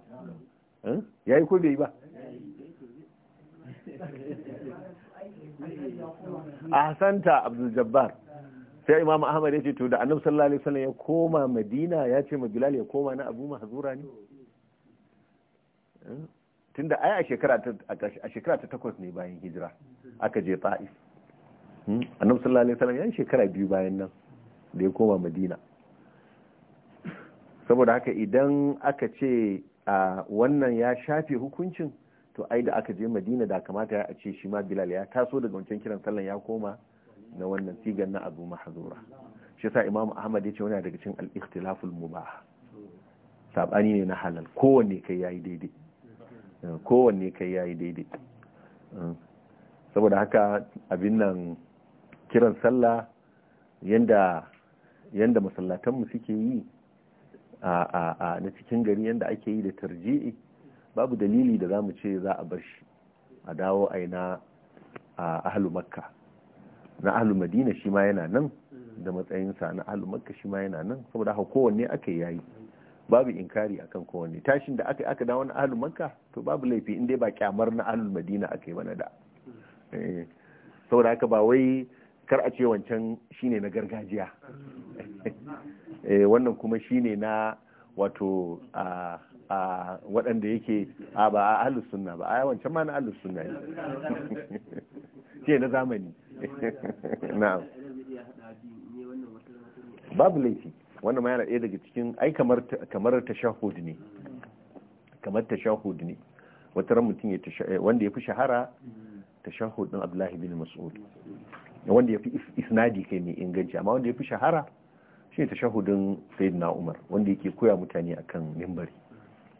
hmm? yayi ko bai yi ba ahsanta abdul jabbar sai imam ahmad ya ce to da annabi sallallahu alaihi wasallam ya koma madina ya ce ma bilal ya koma na abu mahzura ne hmm? tunda ai a shekara ta a shekara ta takwas ne bayan hijira aka je ta'if annabi sallallahu alaihi wasallam ya shekara biyu bayan nan da ya koma madina saboda haka idan aka ce a wannan ya shafe hukuncin to ai da aka je madina da kamata a ce shi ma bilal ya taso daga wancan kiran sallan ya koma na wannan sigar na abu mahazura shi sa imam ahmad ya ce wani daga cikin al-ikhtilaful mubah sabani ne na halal kowanne kai yayi daidai kowanne kai yayi daidai saboda haka abin nan kiran sallah yadda. yanda masallatanmu suke yi a na cikin gari yanda ake yi da tarji'i babu dalili da za mu ce za a bar shi a dawo a na ahalu makka na ahalu madina shi ma yana nan da matsayinsa na ahalu makka shi ma yana nan saboda haka kowanne aka yayi babu inkari akan kowanne tashin da aka aka dawo na ahalu makka to babu laifi in dai ba kyamar na ahalu madina aka yi mana da eh. saboda haka ba wai kar a ce wancan shine na gargajiya eh, wannan kuma shine na wato a a waɗanda yake a ba a ahlus sunna ba a wancan ma na ahlus sunna ne ce na zamani na'am babu laifi wannan ma yana ɗaya daga cikin ai kamar kamar tashahud ne kamar tashahud ne wata ran mutum eh, wanda ya fi shahara tashahud din Abdullahi bin Mas'ud wanda ya fi isnadi kai mai inganci amma wanda ya fi shahara shi ne tashahudin sayyidina umar wanda yake koya mutane akan mimbari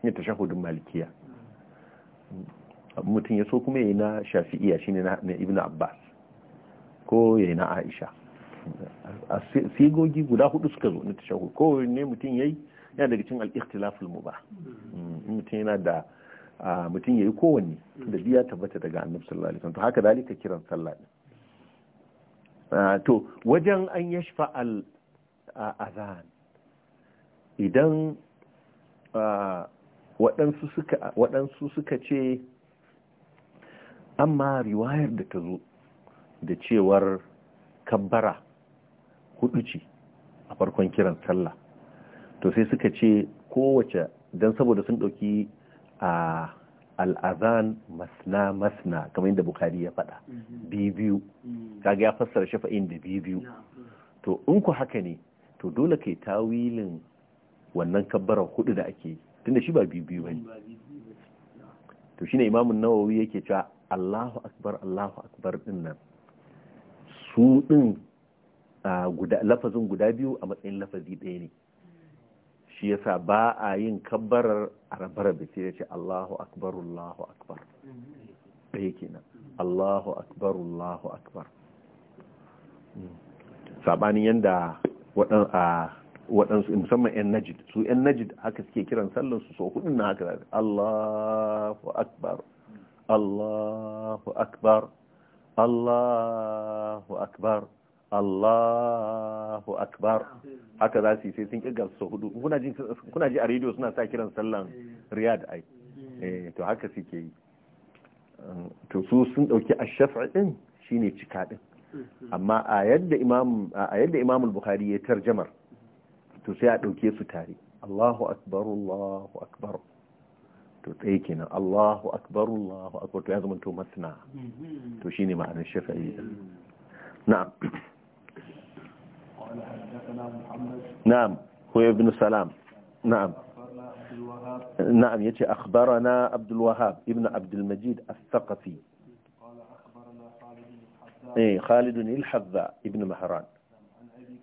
ne shahudin malikiya Abin mutum ya so kuma yayi na shafi'iya shine na ibn abbas ko yayi na aisha a sigogi guda hudu suka zo na shahudu ko ne mutum yayi ya daga cin al'iktilafin mu ba. mutum yana da mutum yayi kowanne da biya tabbata daga annabi sallallahu alaihi wasallam to haka dalika kiran sallah din Ah, to wajen an yashfa a azan idan waɗansu suka ce amma riwayar da ta zo da cewar kabbara hudu ce a farkon kiran sallah to sai suka ce kowace don saboda sun ɗauki a al'azan masna masna kamar yadda bukari ya faɗa biyu mm-hmm. kaga ya fassara shafa'in da biyu to in ku haka ne to dole kai tawilin wannan kabbarar hudu da ake tunda shi ba biyu ba ne. to shine imamun nawawi yake cewa Allahu akbar Allahu akbar dinnan su din ah, lafazin guda biyu a matsayin lafazi ɗaya ne shi yasa ba a yin kabbarar rabe-rabe sai ya ce Allahu akbar Allahu akbar yake nan Allahu akbar Allahu akbar sabanin yadda waɗansu musamman 'yan najid su 'yan najid haka suke kiran sallansu so hudun na haka zai Allahu akbar Allahu akbar Allahu akbar Allahu akbar haka za su yi sai sun kirga su hudu kuna ji a rediyo suna sa kiran sallan riyad ai eh, to haka suke yi to su sun dauki a shafi din ne cika din amma a yadda imam bukhari ya tarjamar to sai a dauke su tare Allahu akbar Allahu akbar to tsaye kenan Allahu akbar Allahu akbar to ya zama to masna to shi ne ma'anar shafi'i na'am نعم هو ابن سلام نعم نعم يتي أخبرنا عبد الوهاب ابن عبد المجيد الثقفي إيه خالد الحذاء ابن مهران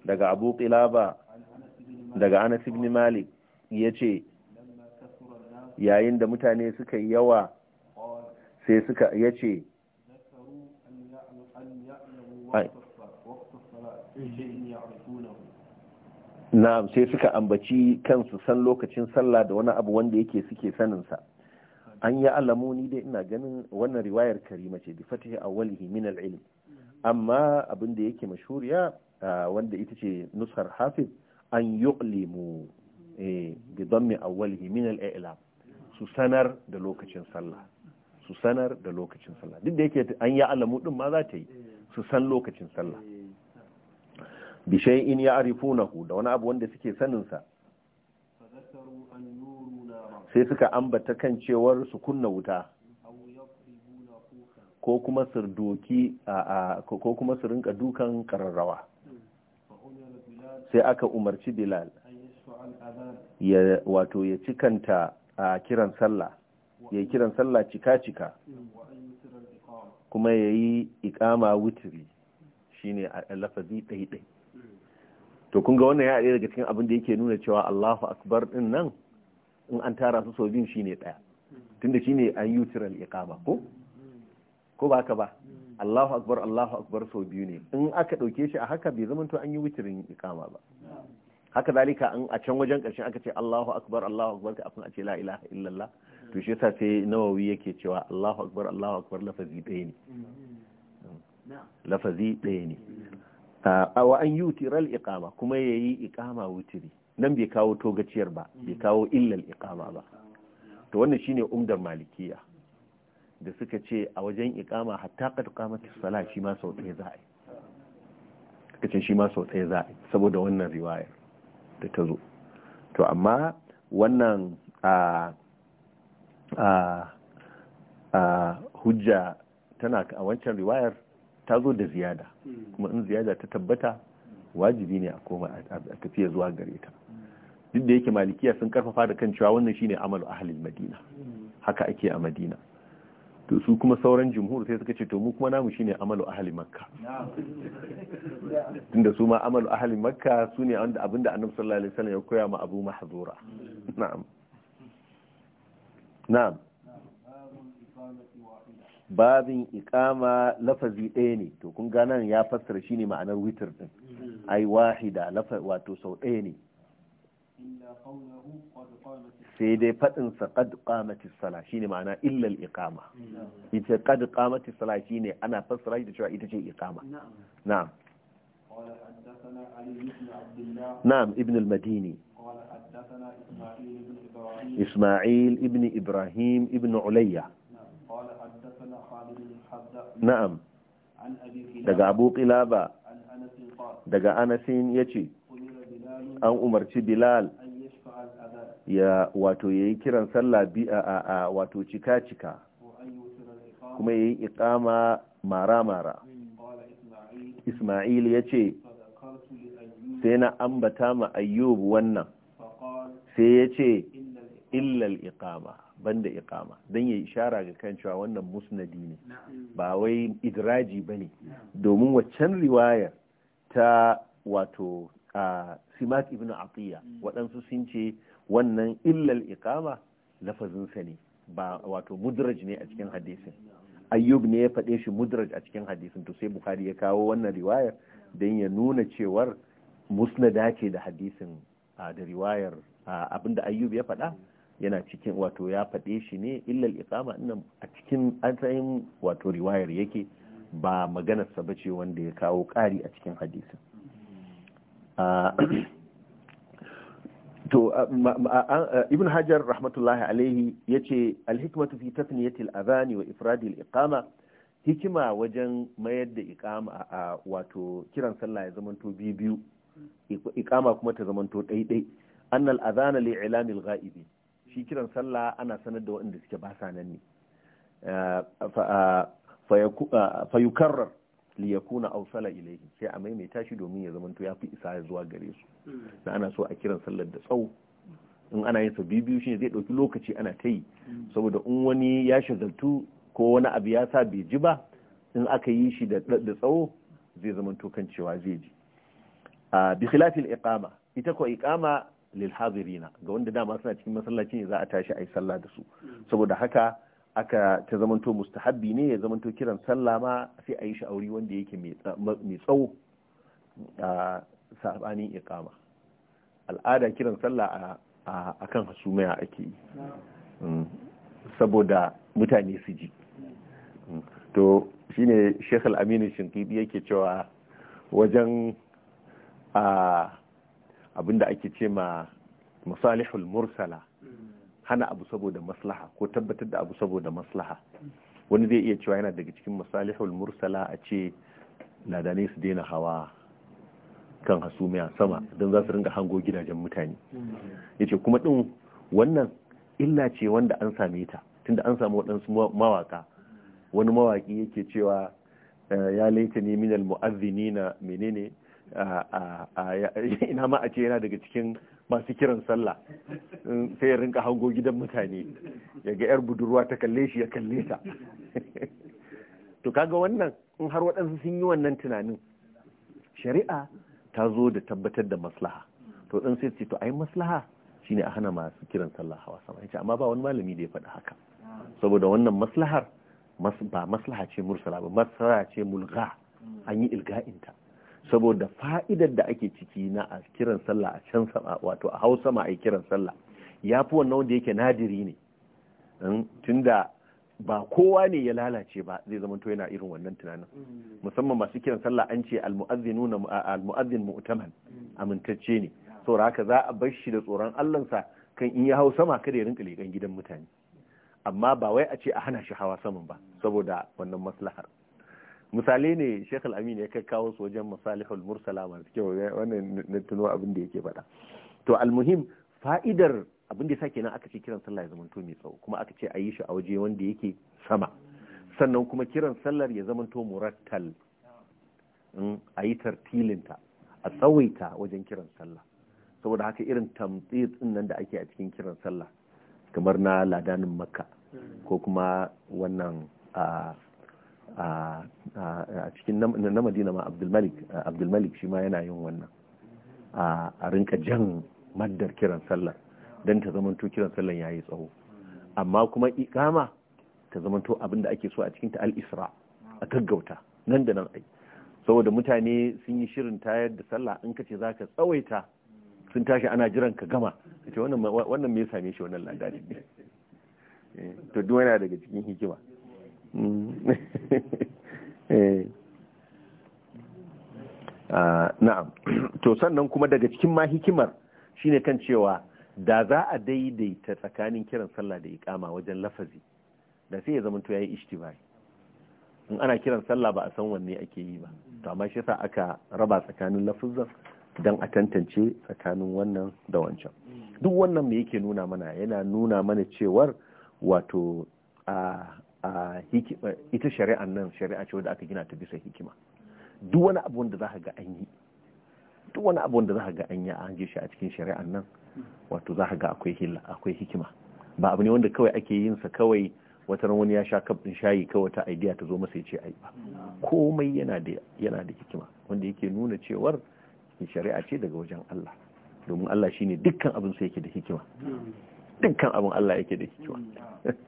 دقى أبو قلابة دقى أنس بن مالك يتي يا عند mutane suka يوا yawa sai na'am sai suka ambaci kansu san lokacin sallah da wani abu wanda yake suke saninsa an yi alamu ni dai ina ganin wannan riwayar karima ce bi fatihi awwalihi min al-ilm amma abin da yake mashuriya wanda ita ce nusar hafiz an yuqlimu e, bi dammi awwalihi min al-i'lam su sanar da lokacin sallah su sanar da lokacin sallah duk da yake an yi alamu din ma za ta yi su san lokacin sallah bishai in ya arifunahu da wani abu wanda suke saninsa sai suka ambata kan cewar su kunna wuta ko kuma su doki ko kuma su rinka dukan kararrawa sai aka umarci bilal ya wato ya cikanta a kiran sallah ya kiran sallah cika-cika kuma ya yi ikama wutiri shine a lafazi ɗaiɗai to kun ga wannan ya ɗaya daga cikin abin da yake nuna cewa Allahu akbar din nan in an tara su sau biyun shine ɗaya tunda shine an yutiral iqama ko ko ba ka ba Allahu akbar Allahu akbar sau biyu ne in aka ɗauke shi a haka bai zama to an yi wutirin iqama ba haka zalika in a can wajen ƙarshen aka ce Allahu akbar Allahu akbar kafin a ce la ilaha illallah to shi yasa sai Nawawi yake cewa Allahu akbar Allahu akbar lafazi ɗaya ne lafazi ɗaya ne Ah, wa an yi wutirar iqama kuma ya yi iqama wutiri nan bai kawo togaciyar ba bai kawo illar iqama ba to wannan shine umdar malikiya da suka ce a wajen iqama hatta qad qamatis sala shi ma sau ɗaya za a yi kace shi ma sau ɗaya za yi saboda wannan riwayar da ta zo to amma wannan a ah, a ah, hujja tana a wancan riwayar ta zo da ziyada kuma in ziyada ta tabbata wajibi ne a koma a tafiya zuwa gare ta duk da yake malikiya sun karfafa da kan cewa wannan shine amalu ahlil madina haka ake a madina to su kuma sauran jumhur sai suka ce to mu kuma namu shine amalu ahlil makka tunda su ma amalu ahlil makka su ne wanda abinda annabi sallallahu alaihi wasallam ya koya ma abu mahzura na'am na'am babin ikama lafazi ɗaya ne to kun gana ya fassara shine ma'anar witir din ai wahida wato sau ɗaya ne sai dai faɗinsa qad qamatis sala shine ma'ana illal iqama ita qad qamatis sala shine ana fassara shi da cewa ita ce iqama na'am na'am ibn al-madini إسماعيل ابن إبراهيم ابن عليا na'am daga abu qilaba daga anasin ce an umarci bilal ya wato yayi kiran sallah bi a wato cika cika kuma yayi iƙama mara mara isma'il ya ce sai na ambata ma ayyub wannan sai ya ce illal iƙama. banda iqama dan yayi ishara ga kan cewa wannan musnadi ne ba wai idraji ba ne domin waccan riwayar ta wato simak ibn atiya mm. waɗansu sun ce wannan illal iqama lafazinsa ne ba wato mudraj ne a cikin hadisin ayyub ne ya faɗe shi mudraj a cikin hadisin to sai bukhari ya kawo wannan riwayar don ya nuna cewar musnada ce da hadisin da riwayar abinda ayyub ya faɗa mm. yana cikin wato ya faɗe shi ne illal iqama nan a cikin asayin wato riwayar yake ba maganar sa ce wanda ya kawo ƙari a cikin hadisin ah, to ah, ah, ibn hajar rahmatullahi alaihi yace alhikmatu fi tasniyati al-adhan wa ifradi al-iqama hikima wajen mayar da iqama a wato kiran sallah ya zamanto biyu biyu iqama kuma ta zamanto ɗai annal adhana li ilamil ghaibi shi kiran sallah ana sanar da waɗanda suke ba sa nan ne eh, fayukarrar eh, eh, liyakuna ausala ilaihi sai a maimaita shi domin ya zamanto ya fi isa zuwa gare su na ana so a kiran sallar da tsawo in ana yin sabi biyu shine zai ɗauki lokaci ana ta yi saboda in wani ya shagaltu ko wani abu ya sa bai ji ba in aka yi shi da tsawo zai zamanto kan cewa zai ji a ah, bi khilafil iqama ita ko iqama lil ga wanda dama suna cikin masallaci ne za a tashi ayi sallah da su saboda haka aka ta zamanto mustahabbi ne ya zamanto kiran sallah ma sai a yi shi auri wanda yake mai tsawo a sabanin iqama al'ada kiran sallah a kan hasumaya ake yi mm. saboda mutane su ji mm. to shine Sheikh Al-Aminu Shinkidi yake cewa wajen a abinda ake ce ma masalihul mursala hana abu saboda maslaha ko tabbatar da abu saboda maslaha wani zai iya cewa yana daga cikin masalihul mursala a ce ladane su daina hawa kan hasumiya sama don za su ringa hango gidajen mutane ya ce kuma ɗin wannan illa ce wanda an same ta tunda an samu waɗansu mawaka wani mawaki yake cewa eh, ya laita ne minal mu'azzini na menene ina ma a ce yana daga cikin masu kiran sallah sai ya rinka hango gidan mutane ya ga yar budurwa ta kalle shi ya kalle ta to kaga wannan in har waɗansu sun yi wannan tunanin shari'a ta zo da tabbatar da maslaha to ɗan sai ce to ai maslaha shine a hana masu kiran sallah hawa sama yace amma ba wani malami da ya faɗi haka saboda wannan maslahar ba maslaha ce mursala ba maslaha ce mulga an yi ilga'inta saboda fa'idar da ake ciki na a kiran sallah a can sama wato a hausa ma a kiran sallah ya fi wannan wanda yake nadiri ne hmm, tunda ba kowa ne ya lalace ba zai zama to yana irin wannan tunanin hmm. musamman masu kiran sallah an ce almu'azzin mu'taman hmm. amintacce ne saboda haka za a bar shi da tsoron allansa kan in ya hau sama kada ya rinka leƙen gidan mutane amma ba wai a ce a hana shi hawa saman ba saboda wannan maslahar misalai ne Sheikh Al-Amin ya kawo su wajen masalihul mursala masu kyau wannan na tuno abin da yake faɗa to almuhim fa'idar abin da yasa kenan aka ce kiran sallah ya zamanto mai tsawo kuma aka ce a yi shi a waje wanda yake sama sannan kuma kiran sallar ya zamanto murattal a yi tartilinta a tsawaita wajen kiran sallah saboda haka irin tamtsit din nan da ake a cikin kiran sallah kamar na ladanin makka ko kuma wannan ah, a cikin na madina ma abdulmalik shi ma yana yin wannan a rinka jan maddar kiran sallar don ta zamanto kiran sallar ya yi tsawo amma kuma ikama ta zamanto abin da ake so a cikin ta al-isra a gaggauta nan da nan ai saboda mutane sun yi shirin tayar da sallah in ka ce za ka tsawaita sun tashi ana jiran ka gama ce wannan me same shi wannan ladari eh, to duk yana daga cikin hikima Mm. Eh. Ah, na'am to sannan kuma daga cikin ma hikimar shine kan cewa da za a daidaita tsakanin kiran sallah da ikama wajen lafazi da sai ya zama to yayi ishtibai in ana kiran sallah ba a san wanne ake yi ba to amma shi yasa aka raba tsakanin lafuzan don a tantance tsakanin wannan da wancan duk wannan me yake nuna mana yana nuna mana cewar wato ah, ita shari'an nan shari'a ce wadda aka gina ta bisa hikima duk wani abu wanda za ka ga an yi duk wani abu wanda za ka ga an yi hange shi a cikin shari'an nan wato za ka ga akwai hila akwai hikima ba abu ne wanda kawai ake yin sa kawai wata wani ya sha kafin shayi kawai ta idea ta zo masa ya ce ai ba komai yana da yana da hikima wanda yake nuna cewar shari'a ce daga wajen Allah domin Allah shine dukkan abin sa yake da hikima dukkan abin Allah yake da hikima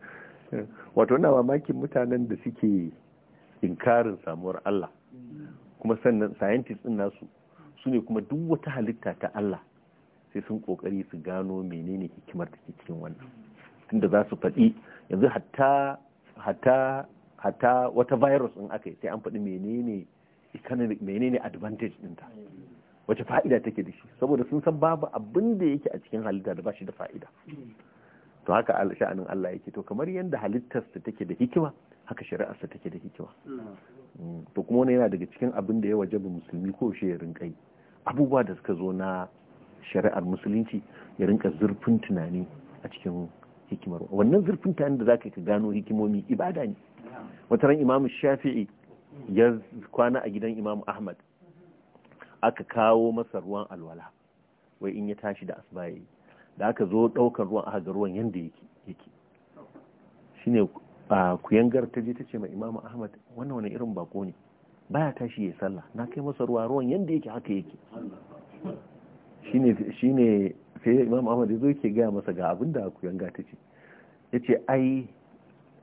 wato na mamakin mutanen da suke inkarin samuwar Allah kuma sannan scientists din nasu su ne kuma duk wata halitta ta Allah sai sun kokari su gano menene hikimar da ke cikin wannan tunda za su faɗi yanzu hatta hatta hatta wata virus in aka yi sai an faɗi menene economic menene advantage ɗinta wace fa'ida take da shi saboda sun san babu abin da yake a cikin halitta da ba shi da fa'ida to haka sha'anin Allah yake to kamar yadda halittarsa take da hikima haka shari'arsa take da hikima mm. to kuma wani yana daga cikin abin da ya wajaba musulmi ko shi ya rinka yi abubuwa da suka zo na shari'ar musulunci ya rinka zurfin tunani a cikin hikimar wannan zurfin tunani da zaka ka gano hikimomi ibada ne wata ran imamu shafi'i ya kwana a gidan imamu ahmad aka kawo masa ruwan alwala wai in ya tashi da asibayi. da aka zo ɗaukar ruwan aka ga ruwan yadda yake yake shine kuyangar ta je ta ce ma imamu ahmad wannan wani irin bako ne baya tashi ya sallah na kai masa ruwa ruwan yadda yake haka yake shine sai imamu ahmad ya zo yake gaya masa ga abin da kuyanga ta ce ya ce ai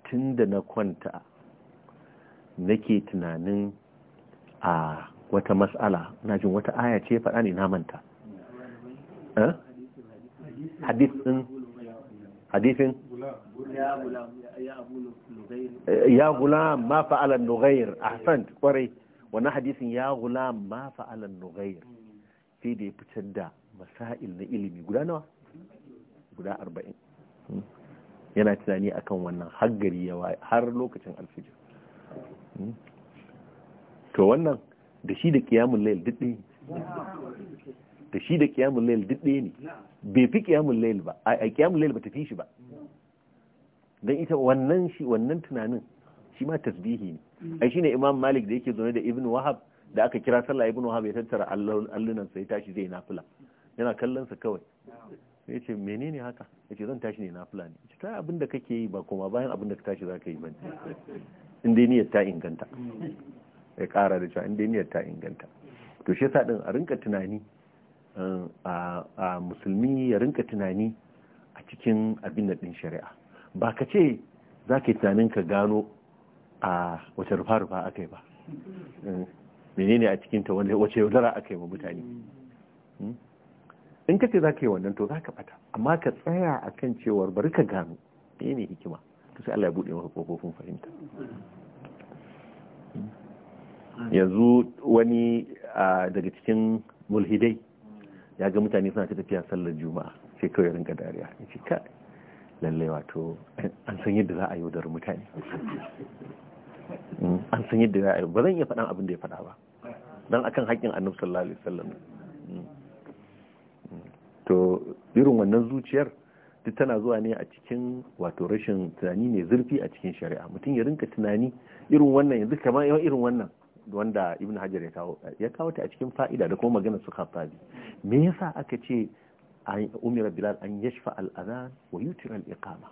tun da na kwanta nake tunanin a wata mas'ala na jin wata aya ce faɗa ne na manta eh? hadisin ya gulam ma fa'alan nughair ahsant kwarai wannan hadisin ya gulam ma fa'alan nughair sai da ya fitar da masail na ilimi guda nawa guda arba'in hmm. yana tunani akan wannan haggari yawa har lokacin alfijir hmm. to wannan da shi da kiyamun lail duk da shi da kiyamun layil duk ɗaya ne bai fi kiyamun layil ba a kiyamun layil ba ta fi shi ba don ita wannan shi wannan tunanin shi ma tasbihi ne mm. ai shine imam malik da yake zaune da ibn wahab da aka kira sallah ibn wahab ya tattara allunan sai tashi zai nafila yana kallon kawai ya ce menene haka ya ce zan tashi ne nafila ne ce ta abin da kake yi ba koma bayan abin da ka tashi za ka yi bane in dai niyyar ta inganta mm. ya kara da cewa in dai niyyar ta inganta to shi yasa din a rinka tunani a musulmi ya rinka tunani a cikin abin ɗin shari'a ba ka ce za ka yi tunanin ka gano a wace rufa-rufa aka yi ba mm. menene a cikinta wace yaudara aka yi wa mutane mm. in ka ce za ka yi wannan to za ka bata amma ka tsaya a kan cewar bari ka gano ɗaya ne hikima to sai Allah ya buɗe maka ƙofofin fahimta mm. yanzu wani daga cikin mulhidai ya ga mutane suna ta tafiya sallar juma'a sai kawai rinka dariya ya ce kai lallai wato an san yadda za a yaudar mutane hmm, an san yadda za a yi ba zan iya faɗan abin da ya faɗa ba don akan haƙƙin annabi sallallahu alaihi wasallam hmm, hmm. to irin wannan zuciyar duk tana zuwa ne a cikin wato rashin tunani ne zurfi a cikin shari'a mutum ya rinka tunani irin wannan yanzu kamar irin wannan wanda ibn hajar ya kawo ya kawo ta a cikin fa'ida da kuma magana su khattabi me yasa aka ce umira bilal an yashfa al-adhan wa yutir al-iqama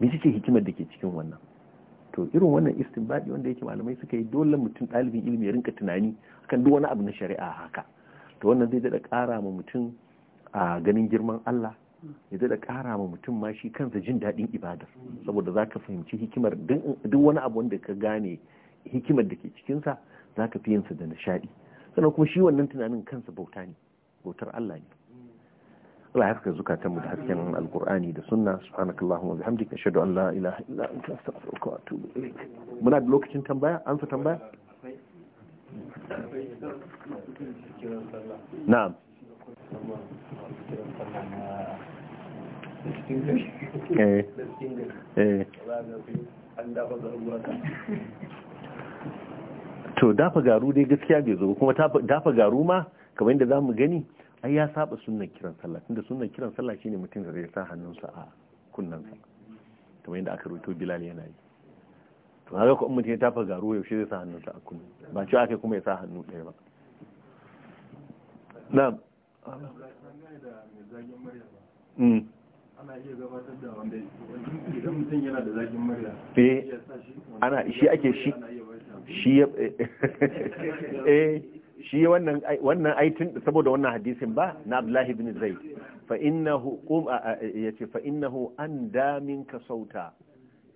me hikimar da ke cikin wannan to irin wannan istinbadi wanda yake malamai suka yi dole mutum ɗalibin ilimi ya rinka tunani kan duk wani abu na shari'a haka to wannan zai da ƙara ma mutum a ganin girman Allah ya dada ƙara ma mutum ma shi kansa jin daɗin ibadar saboda za ka fahimci hikimar duk wani abu wanda ka gane hikimar da ke cikinsa za ka fi yinsa da nishaɗi sannan kuma shi wannan tunanin kansa bauta ne bautar Allah ne Allah ya haska zukatan mu da hasken alkur'ani da sunna subhanakallahumma wa bihamdika ashhadu an la ilaha illa anta astaghfiruka wa atubu ilaik muna da lokacin tambaya an ansa tambaya na'am eh eh to dafa garu dai gaskiya bai zo kuma dafa garu ma kamar yadda zamu gani ai ya saba sunnan kiran sallah tunda sunnan kiran sallah shine mutum da zai sa hannunsa a kunnansa kamar yadda aka rubuto bilal yana yi to haka ko mutum ya dafa garu yaushe zai sa hannunsa a kunnu ba cewa kai kuma ya sa hannu ɗaya ba na'am hmm. ana iya gabatar da wanda idan mutum yana da zagin murya eh, ana shi ake shi shi ya eh shi wannan wannan aitin saboda wannan hadisin ba na Abdullahi ibn Zaid fa innahu qum yace fa innahu anda minka sauta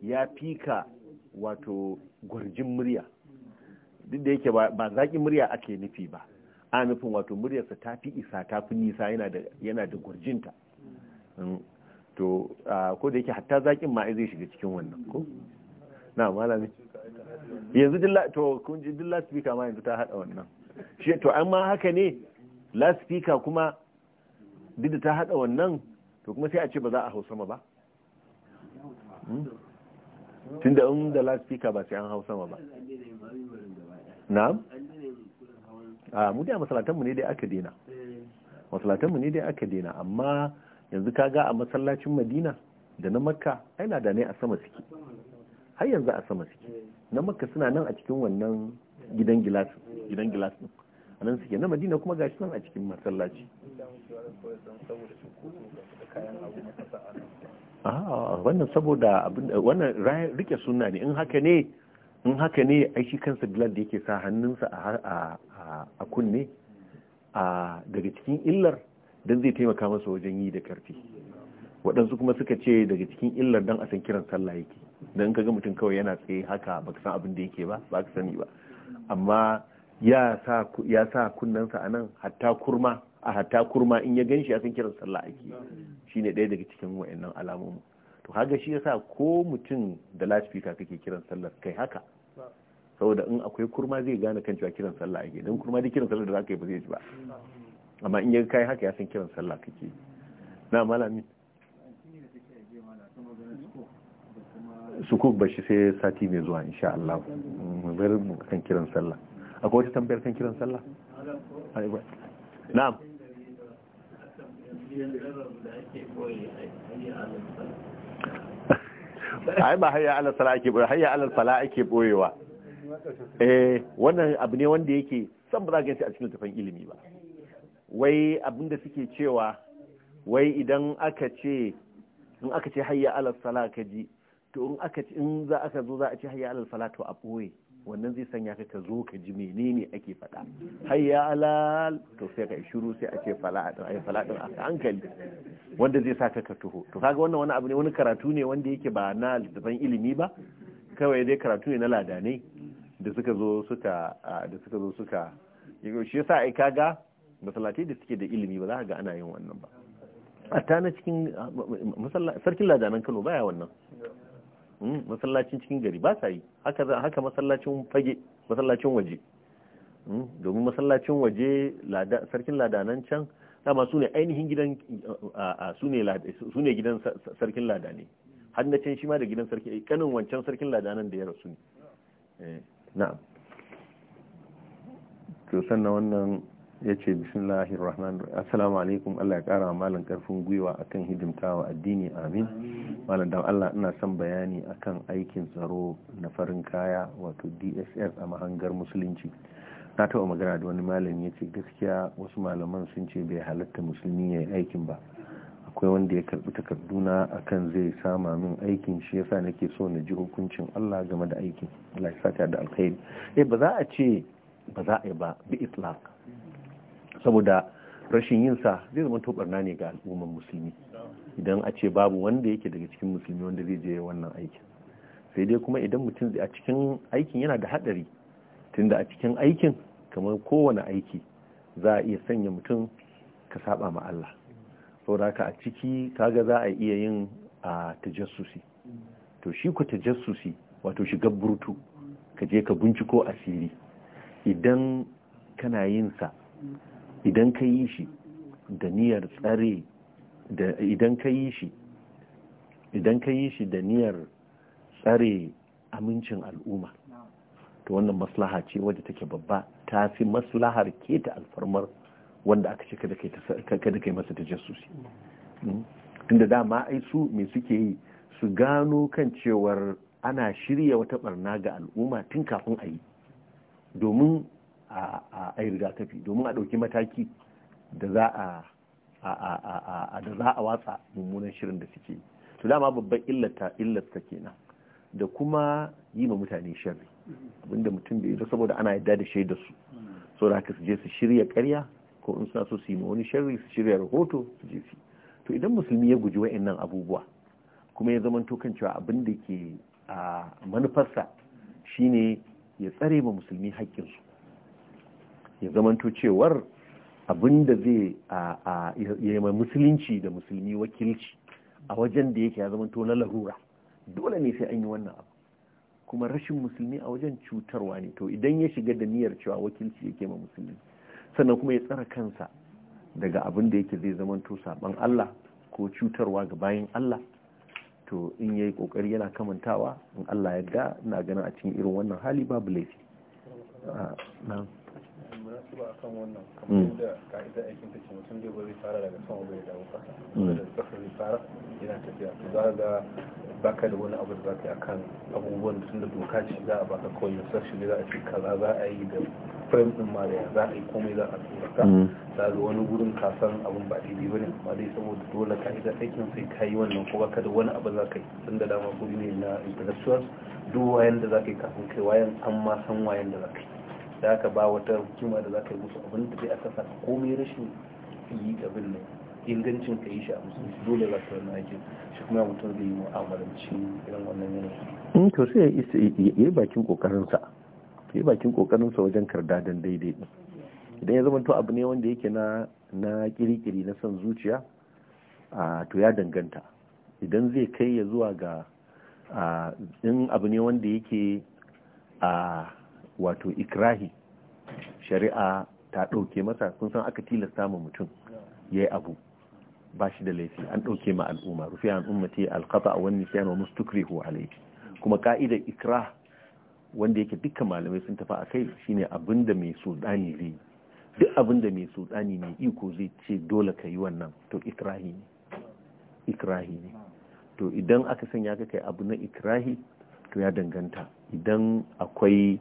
ya fika wato gurjin murya duk da yake ba zaƙin murya ake nufi ba a nufin wato muryarsa ta fi isa ta fi nisa yana da gurjinta hmm. to ko da yake hatta zaƙin ma zai shiga cikin wannan ko na malami yanzu to kun ji duk laspika ma yanzu ta hada wannan shi to amma haka ne laspika kuma duk da ta hada wannan to kuma sai a ce ba za a hau sama ba hmm? tun da da laspika ba sai an hau sama ba na'am a mu da masalatanmu ne dai aka dena masalatanmu ne dai aka dena amma yanzu kaga a masallacin madina da na makka ai ne a sama suke har yanzu a sama suke na makka suna nan a cikin wannan gidan gilas gidan gilas din a nan suke na madina kuma gashi nan a cikin masallaci a ah, wannan saboda wannan rike suna ne in haka ne in haka ne ai kansa bilal da yake sa hannunsa a kunne daga cikin illar don zai taimaka masa wajen yi da karfi waɗansu kuma suka ce daga cikin illar don a san kiran sallah yake don ga mutum kawai yana tsaye haka baka san abin da yake ba ba ka sani ba amma ya sa kunnensa a nan hatta kurma a hatta kurma in ya ganshi ya san kiran sallah ake shi ne ɗaya daga cikin wayannan alamomi to haga shi ya sa ko mutum da loudspeaker kake kiran sallah kai haka saboda in akwai kurma zai gane kan cewa kiran sallah ake don kurma da kiran sallah da ka yi ba zai ji ba amma in ya kai haka ya san kiran sallah kake na malamin sukuk bashi sai sati mai zuwa insha Allah mu mu kan kiran sallah akwai wata tambayar kan kiran sallah na'am ai ba hayya ala sala ake boye hayya ala sala ake boyewa eh wannan abu ne wanda yake san ba za ka yi a cikin tafan ilimi ba wai abinda suke cewa wai idan aka ce in aka ce hayya ala sala ka ji to in aka ci in za aka zo za a ci hayya alal fala to a boye wannan zai sanya ka ka zo ka ji menene ake faɗa hayya alal to sai ka shiru sai a ce fala ai fala din a hankali wanda zai saka ka tuho to kaga wannan wani abu ne wani karatu ne wanda yake ba na littafin ilimi ba kawai dai karatu ne na ladanai da suka zo suka da suka zo suka shi yasa ai kaga masallatai da suke da ilimi ba za ka ga ana yin wannan ba a ta na cikin sarkin ladanan Kano baya wannan Hmm, masallacin cikin gari ba sa yi haka masallacin fage masallacin waje hmm, domin masallacin waje sarkin ladanan can dama su ne ainihin gidan su ne gidan sarkin ne har na can shi ma da gidan sarki eh, kanin wancan sarkin ladanan da ya rasu ne eh, na'am to sannan wannan ya ce bismillahir rahman assalamu alaikum Allah ya kara malam karfin gwiwa akan wa addini amin malam dan Allah ina son bayani akan aikin tsaro na farin kaya wato DSS a mahangar musulunci na taɓa magana da wani malami ya ce gaskiya wasu malaman sun ce bai halatta musulmi ya yi aikin ba akwai wanda ya karɓi takarduna akan zai sama min aikin shi yasa nake so na ji hukuncin Allah game da aikin Allah ya da alkhairi eh ba za a ce ba za a yi ba bi itlaq saboda rashin yin sa zai zama barna ne ga al'umman musulmi idan a ce babu wanda yake daga cikin musulmi wanda zai je wannan aikin sai dai kuma idan mutum a cikin aikin yana da hadari tunda a cikin aikin kamar kowane aiki za a iya sanya mutum ka saba ma Allah saboda ka a ciki kaga za a iya yin a tajassusi to shi ku tajassusi wato shiga burtu ka je ka binciko asiri idan kana yin sa idan ka yi shi da niyyar tsare idan ka yi shi idan ka yi shi da niyyar tsare amincin al'umma to wannan maslaha ce wadda take babba ta fi maslahar keta alfarmar wanda aka ce kada kai masa ta jasusi hmm? tunda dama ai su me suke yi su gano kan cewar ana shirya wata barna ga al'umma tun kafin a yi domin a ai rigakafi domin a ɗauki mataki da za a watsa mummunan shirin da suke to dama babban illata illata kenan da kuma yi ma mutane sharri abinda mutum bai yi saboda ana yadda da shaida su so da haka su je su shirya karya ko in suna so su yi ma wani sharri su shirya rahoto su je su to idan musulmi ya guji wa'annan abubuwa kuma ya zama kan cewa abin da ke manufarsa shine ya tsare ma musulmi haƙƙinsu ya zamanto cewar abinda zai yi mai musulunci da musulmi wakilci a wajen da yake ya zamanto na larura dole ne sai an yi wannan abu kuma rashin musulmi a wajen cutarwa ne to idan ya shiga da niyyar cewa wakilci yake ma musulmi sannan kuma ya tsara kansa daga abin da yake zai zamanto saban Allah ko cutarwa ga bayan Allah to in yayi kokari yana kamantawa in Allah ya ga ina ganin a cikin irin wannan hali babu laifi ah, ba kan wannan kamar mm. da ka'idar aikin ta ce mutum zai bari fara daga sama bai dawo kasa mm. da kasa zai fara yana tafiya to za ga baka da wani abu da za ka yi akan abubuwan da doka ce za a baka kawai instruction ne za a ce kaza za a yi da frame din ma da za a yi komai za a tura ka mm. za wani gurin kasan abun ba daidai bane amma dai saboda dole ka'idar aikin sai ka yi wannan ko baka da wani abu za ka yi da dama guri ne na intellectuals duk wayan da za ka yi kafin kai wayan an ma san wayan da za ka yi da aka ba wata hukuma da za ka yi musu abin da zai aka sa komai rashin yi abin nan ingancin ka yi shi a musulunci dole za ka na aikin shi kuma mutum zai yi mu'amalanci irin wannan yanayi. Mm, to sai ya yi bakin kokarinsa ya yi bakin kokarinsa wajen karda dan daidai idan ya zama to abu ne wanda yake na na kirikiri na son zuciya a to ya danganta idan zai kai ya zuwa ga in abu ne wanda yake a wato ikrahi shari'a ta ɗauke masa kun san aka tilasta ma mutum ya yi abu ba shi da laifi an ɗauke ma al'umma rufi an ummati alkafa a wani siyan wa ko laifi kuma ƙa'idar ikrah wanda yake dukkan malamai sun tafi a kai shine abin da mai sudani zai duk abin da mai sudani mai iko zai ce dole ka yi wannan to ikrahi ne ikrahi ne to idan aka sanya ka kai abu na ikrahi to ya danganta idan akwai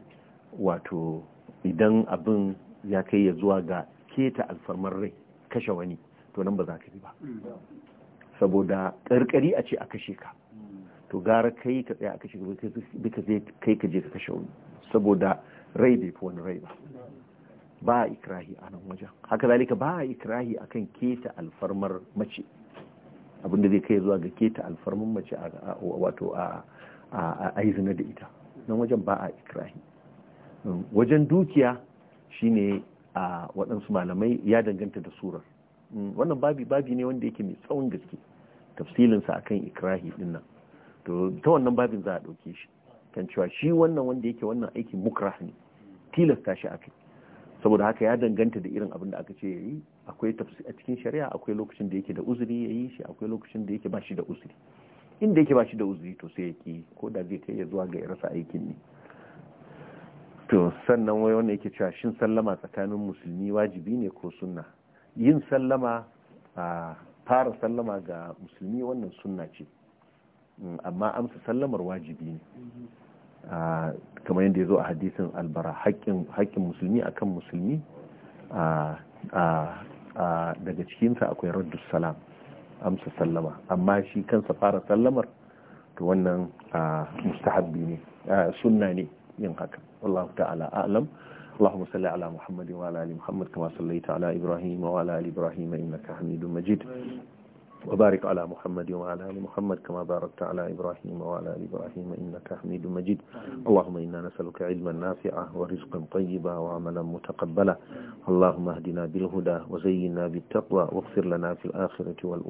wato idan abin ya kai ya zuwa ga keta alfarmar rai kashe wani to nan ba za ka yi ba saboda karkari a ce a kashe ka to gara kai ka tsaya a kashe ka duka zai kai ka je ka kashe wani saboda rai bai fi wani rai ba ba a ikirahi a nan wajen haka zalika ba a ikrahi akan keta alfarmar mace abinda zai kai zuwa ga keta alfarmar mace wato a izina da ita nan wajen ba a ikirahi. wajen dukiya shine a waɗansu malamai ya danganta da surar mm, wannan babi babi ne wanda yake mai tsawon gaske tafsilinsa akan ikrahi din nan to ta wannan babin za a ɗauke shi kan cewa shi wannan wanda yake wannan aikin mukrah ne tilasta shi akai saboda haka ya danganta da irin abin da aka ce yayi akwai tafsir a cikin shari'a akwai lokacin da yake da uzuri yayi shi akwai lokacin da yake ba shi da uzuri inda yake ba shi da uzuri to sai ya ki ko da zai kai ya zuwa ga rasa aikin ne to sannan wai wanda yake cewa shin sallama tsakanin musulmi wajibi ne ko sunna yin sallama a fara sallama ga musulmi wannan sunna ce mm, amma amsa sallamar wajibi ne kamar yadda ya zo a hadisin albara haƙƙin musulmi akan musulmi daga cikinsa akwai raddus salam amsa sallama amma shi kansa fara sallamar to wannan mustahabbi ne sunna ne yin haka والله تعالى أعلم اللهم صل على محمد وعلى آل محمد كما صليت على إبراهيم وعلى آل إبراهيم إنك حميد مجيد وبارك على محمد وعلى آل محمد كما باركت على إبراهيم وعلى آل إبراهيم إنك حميد مجيد اللهم إنا نسألك علما نافعا ورزقا طيبا وعملا متقبلا اللهم اهدنا بالهدى وزينا بالتقوى واغفر لنا في الآخرة والأولى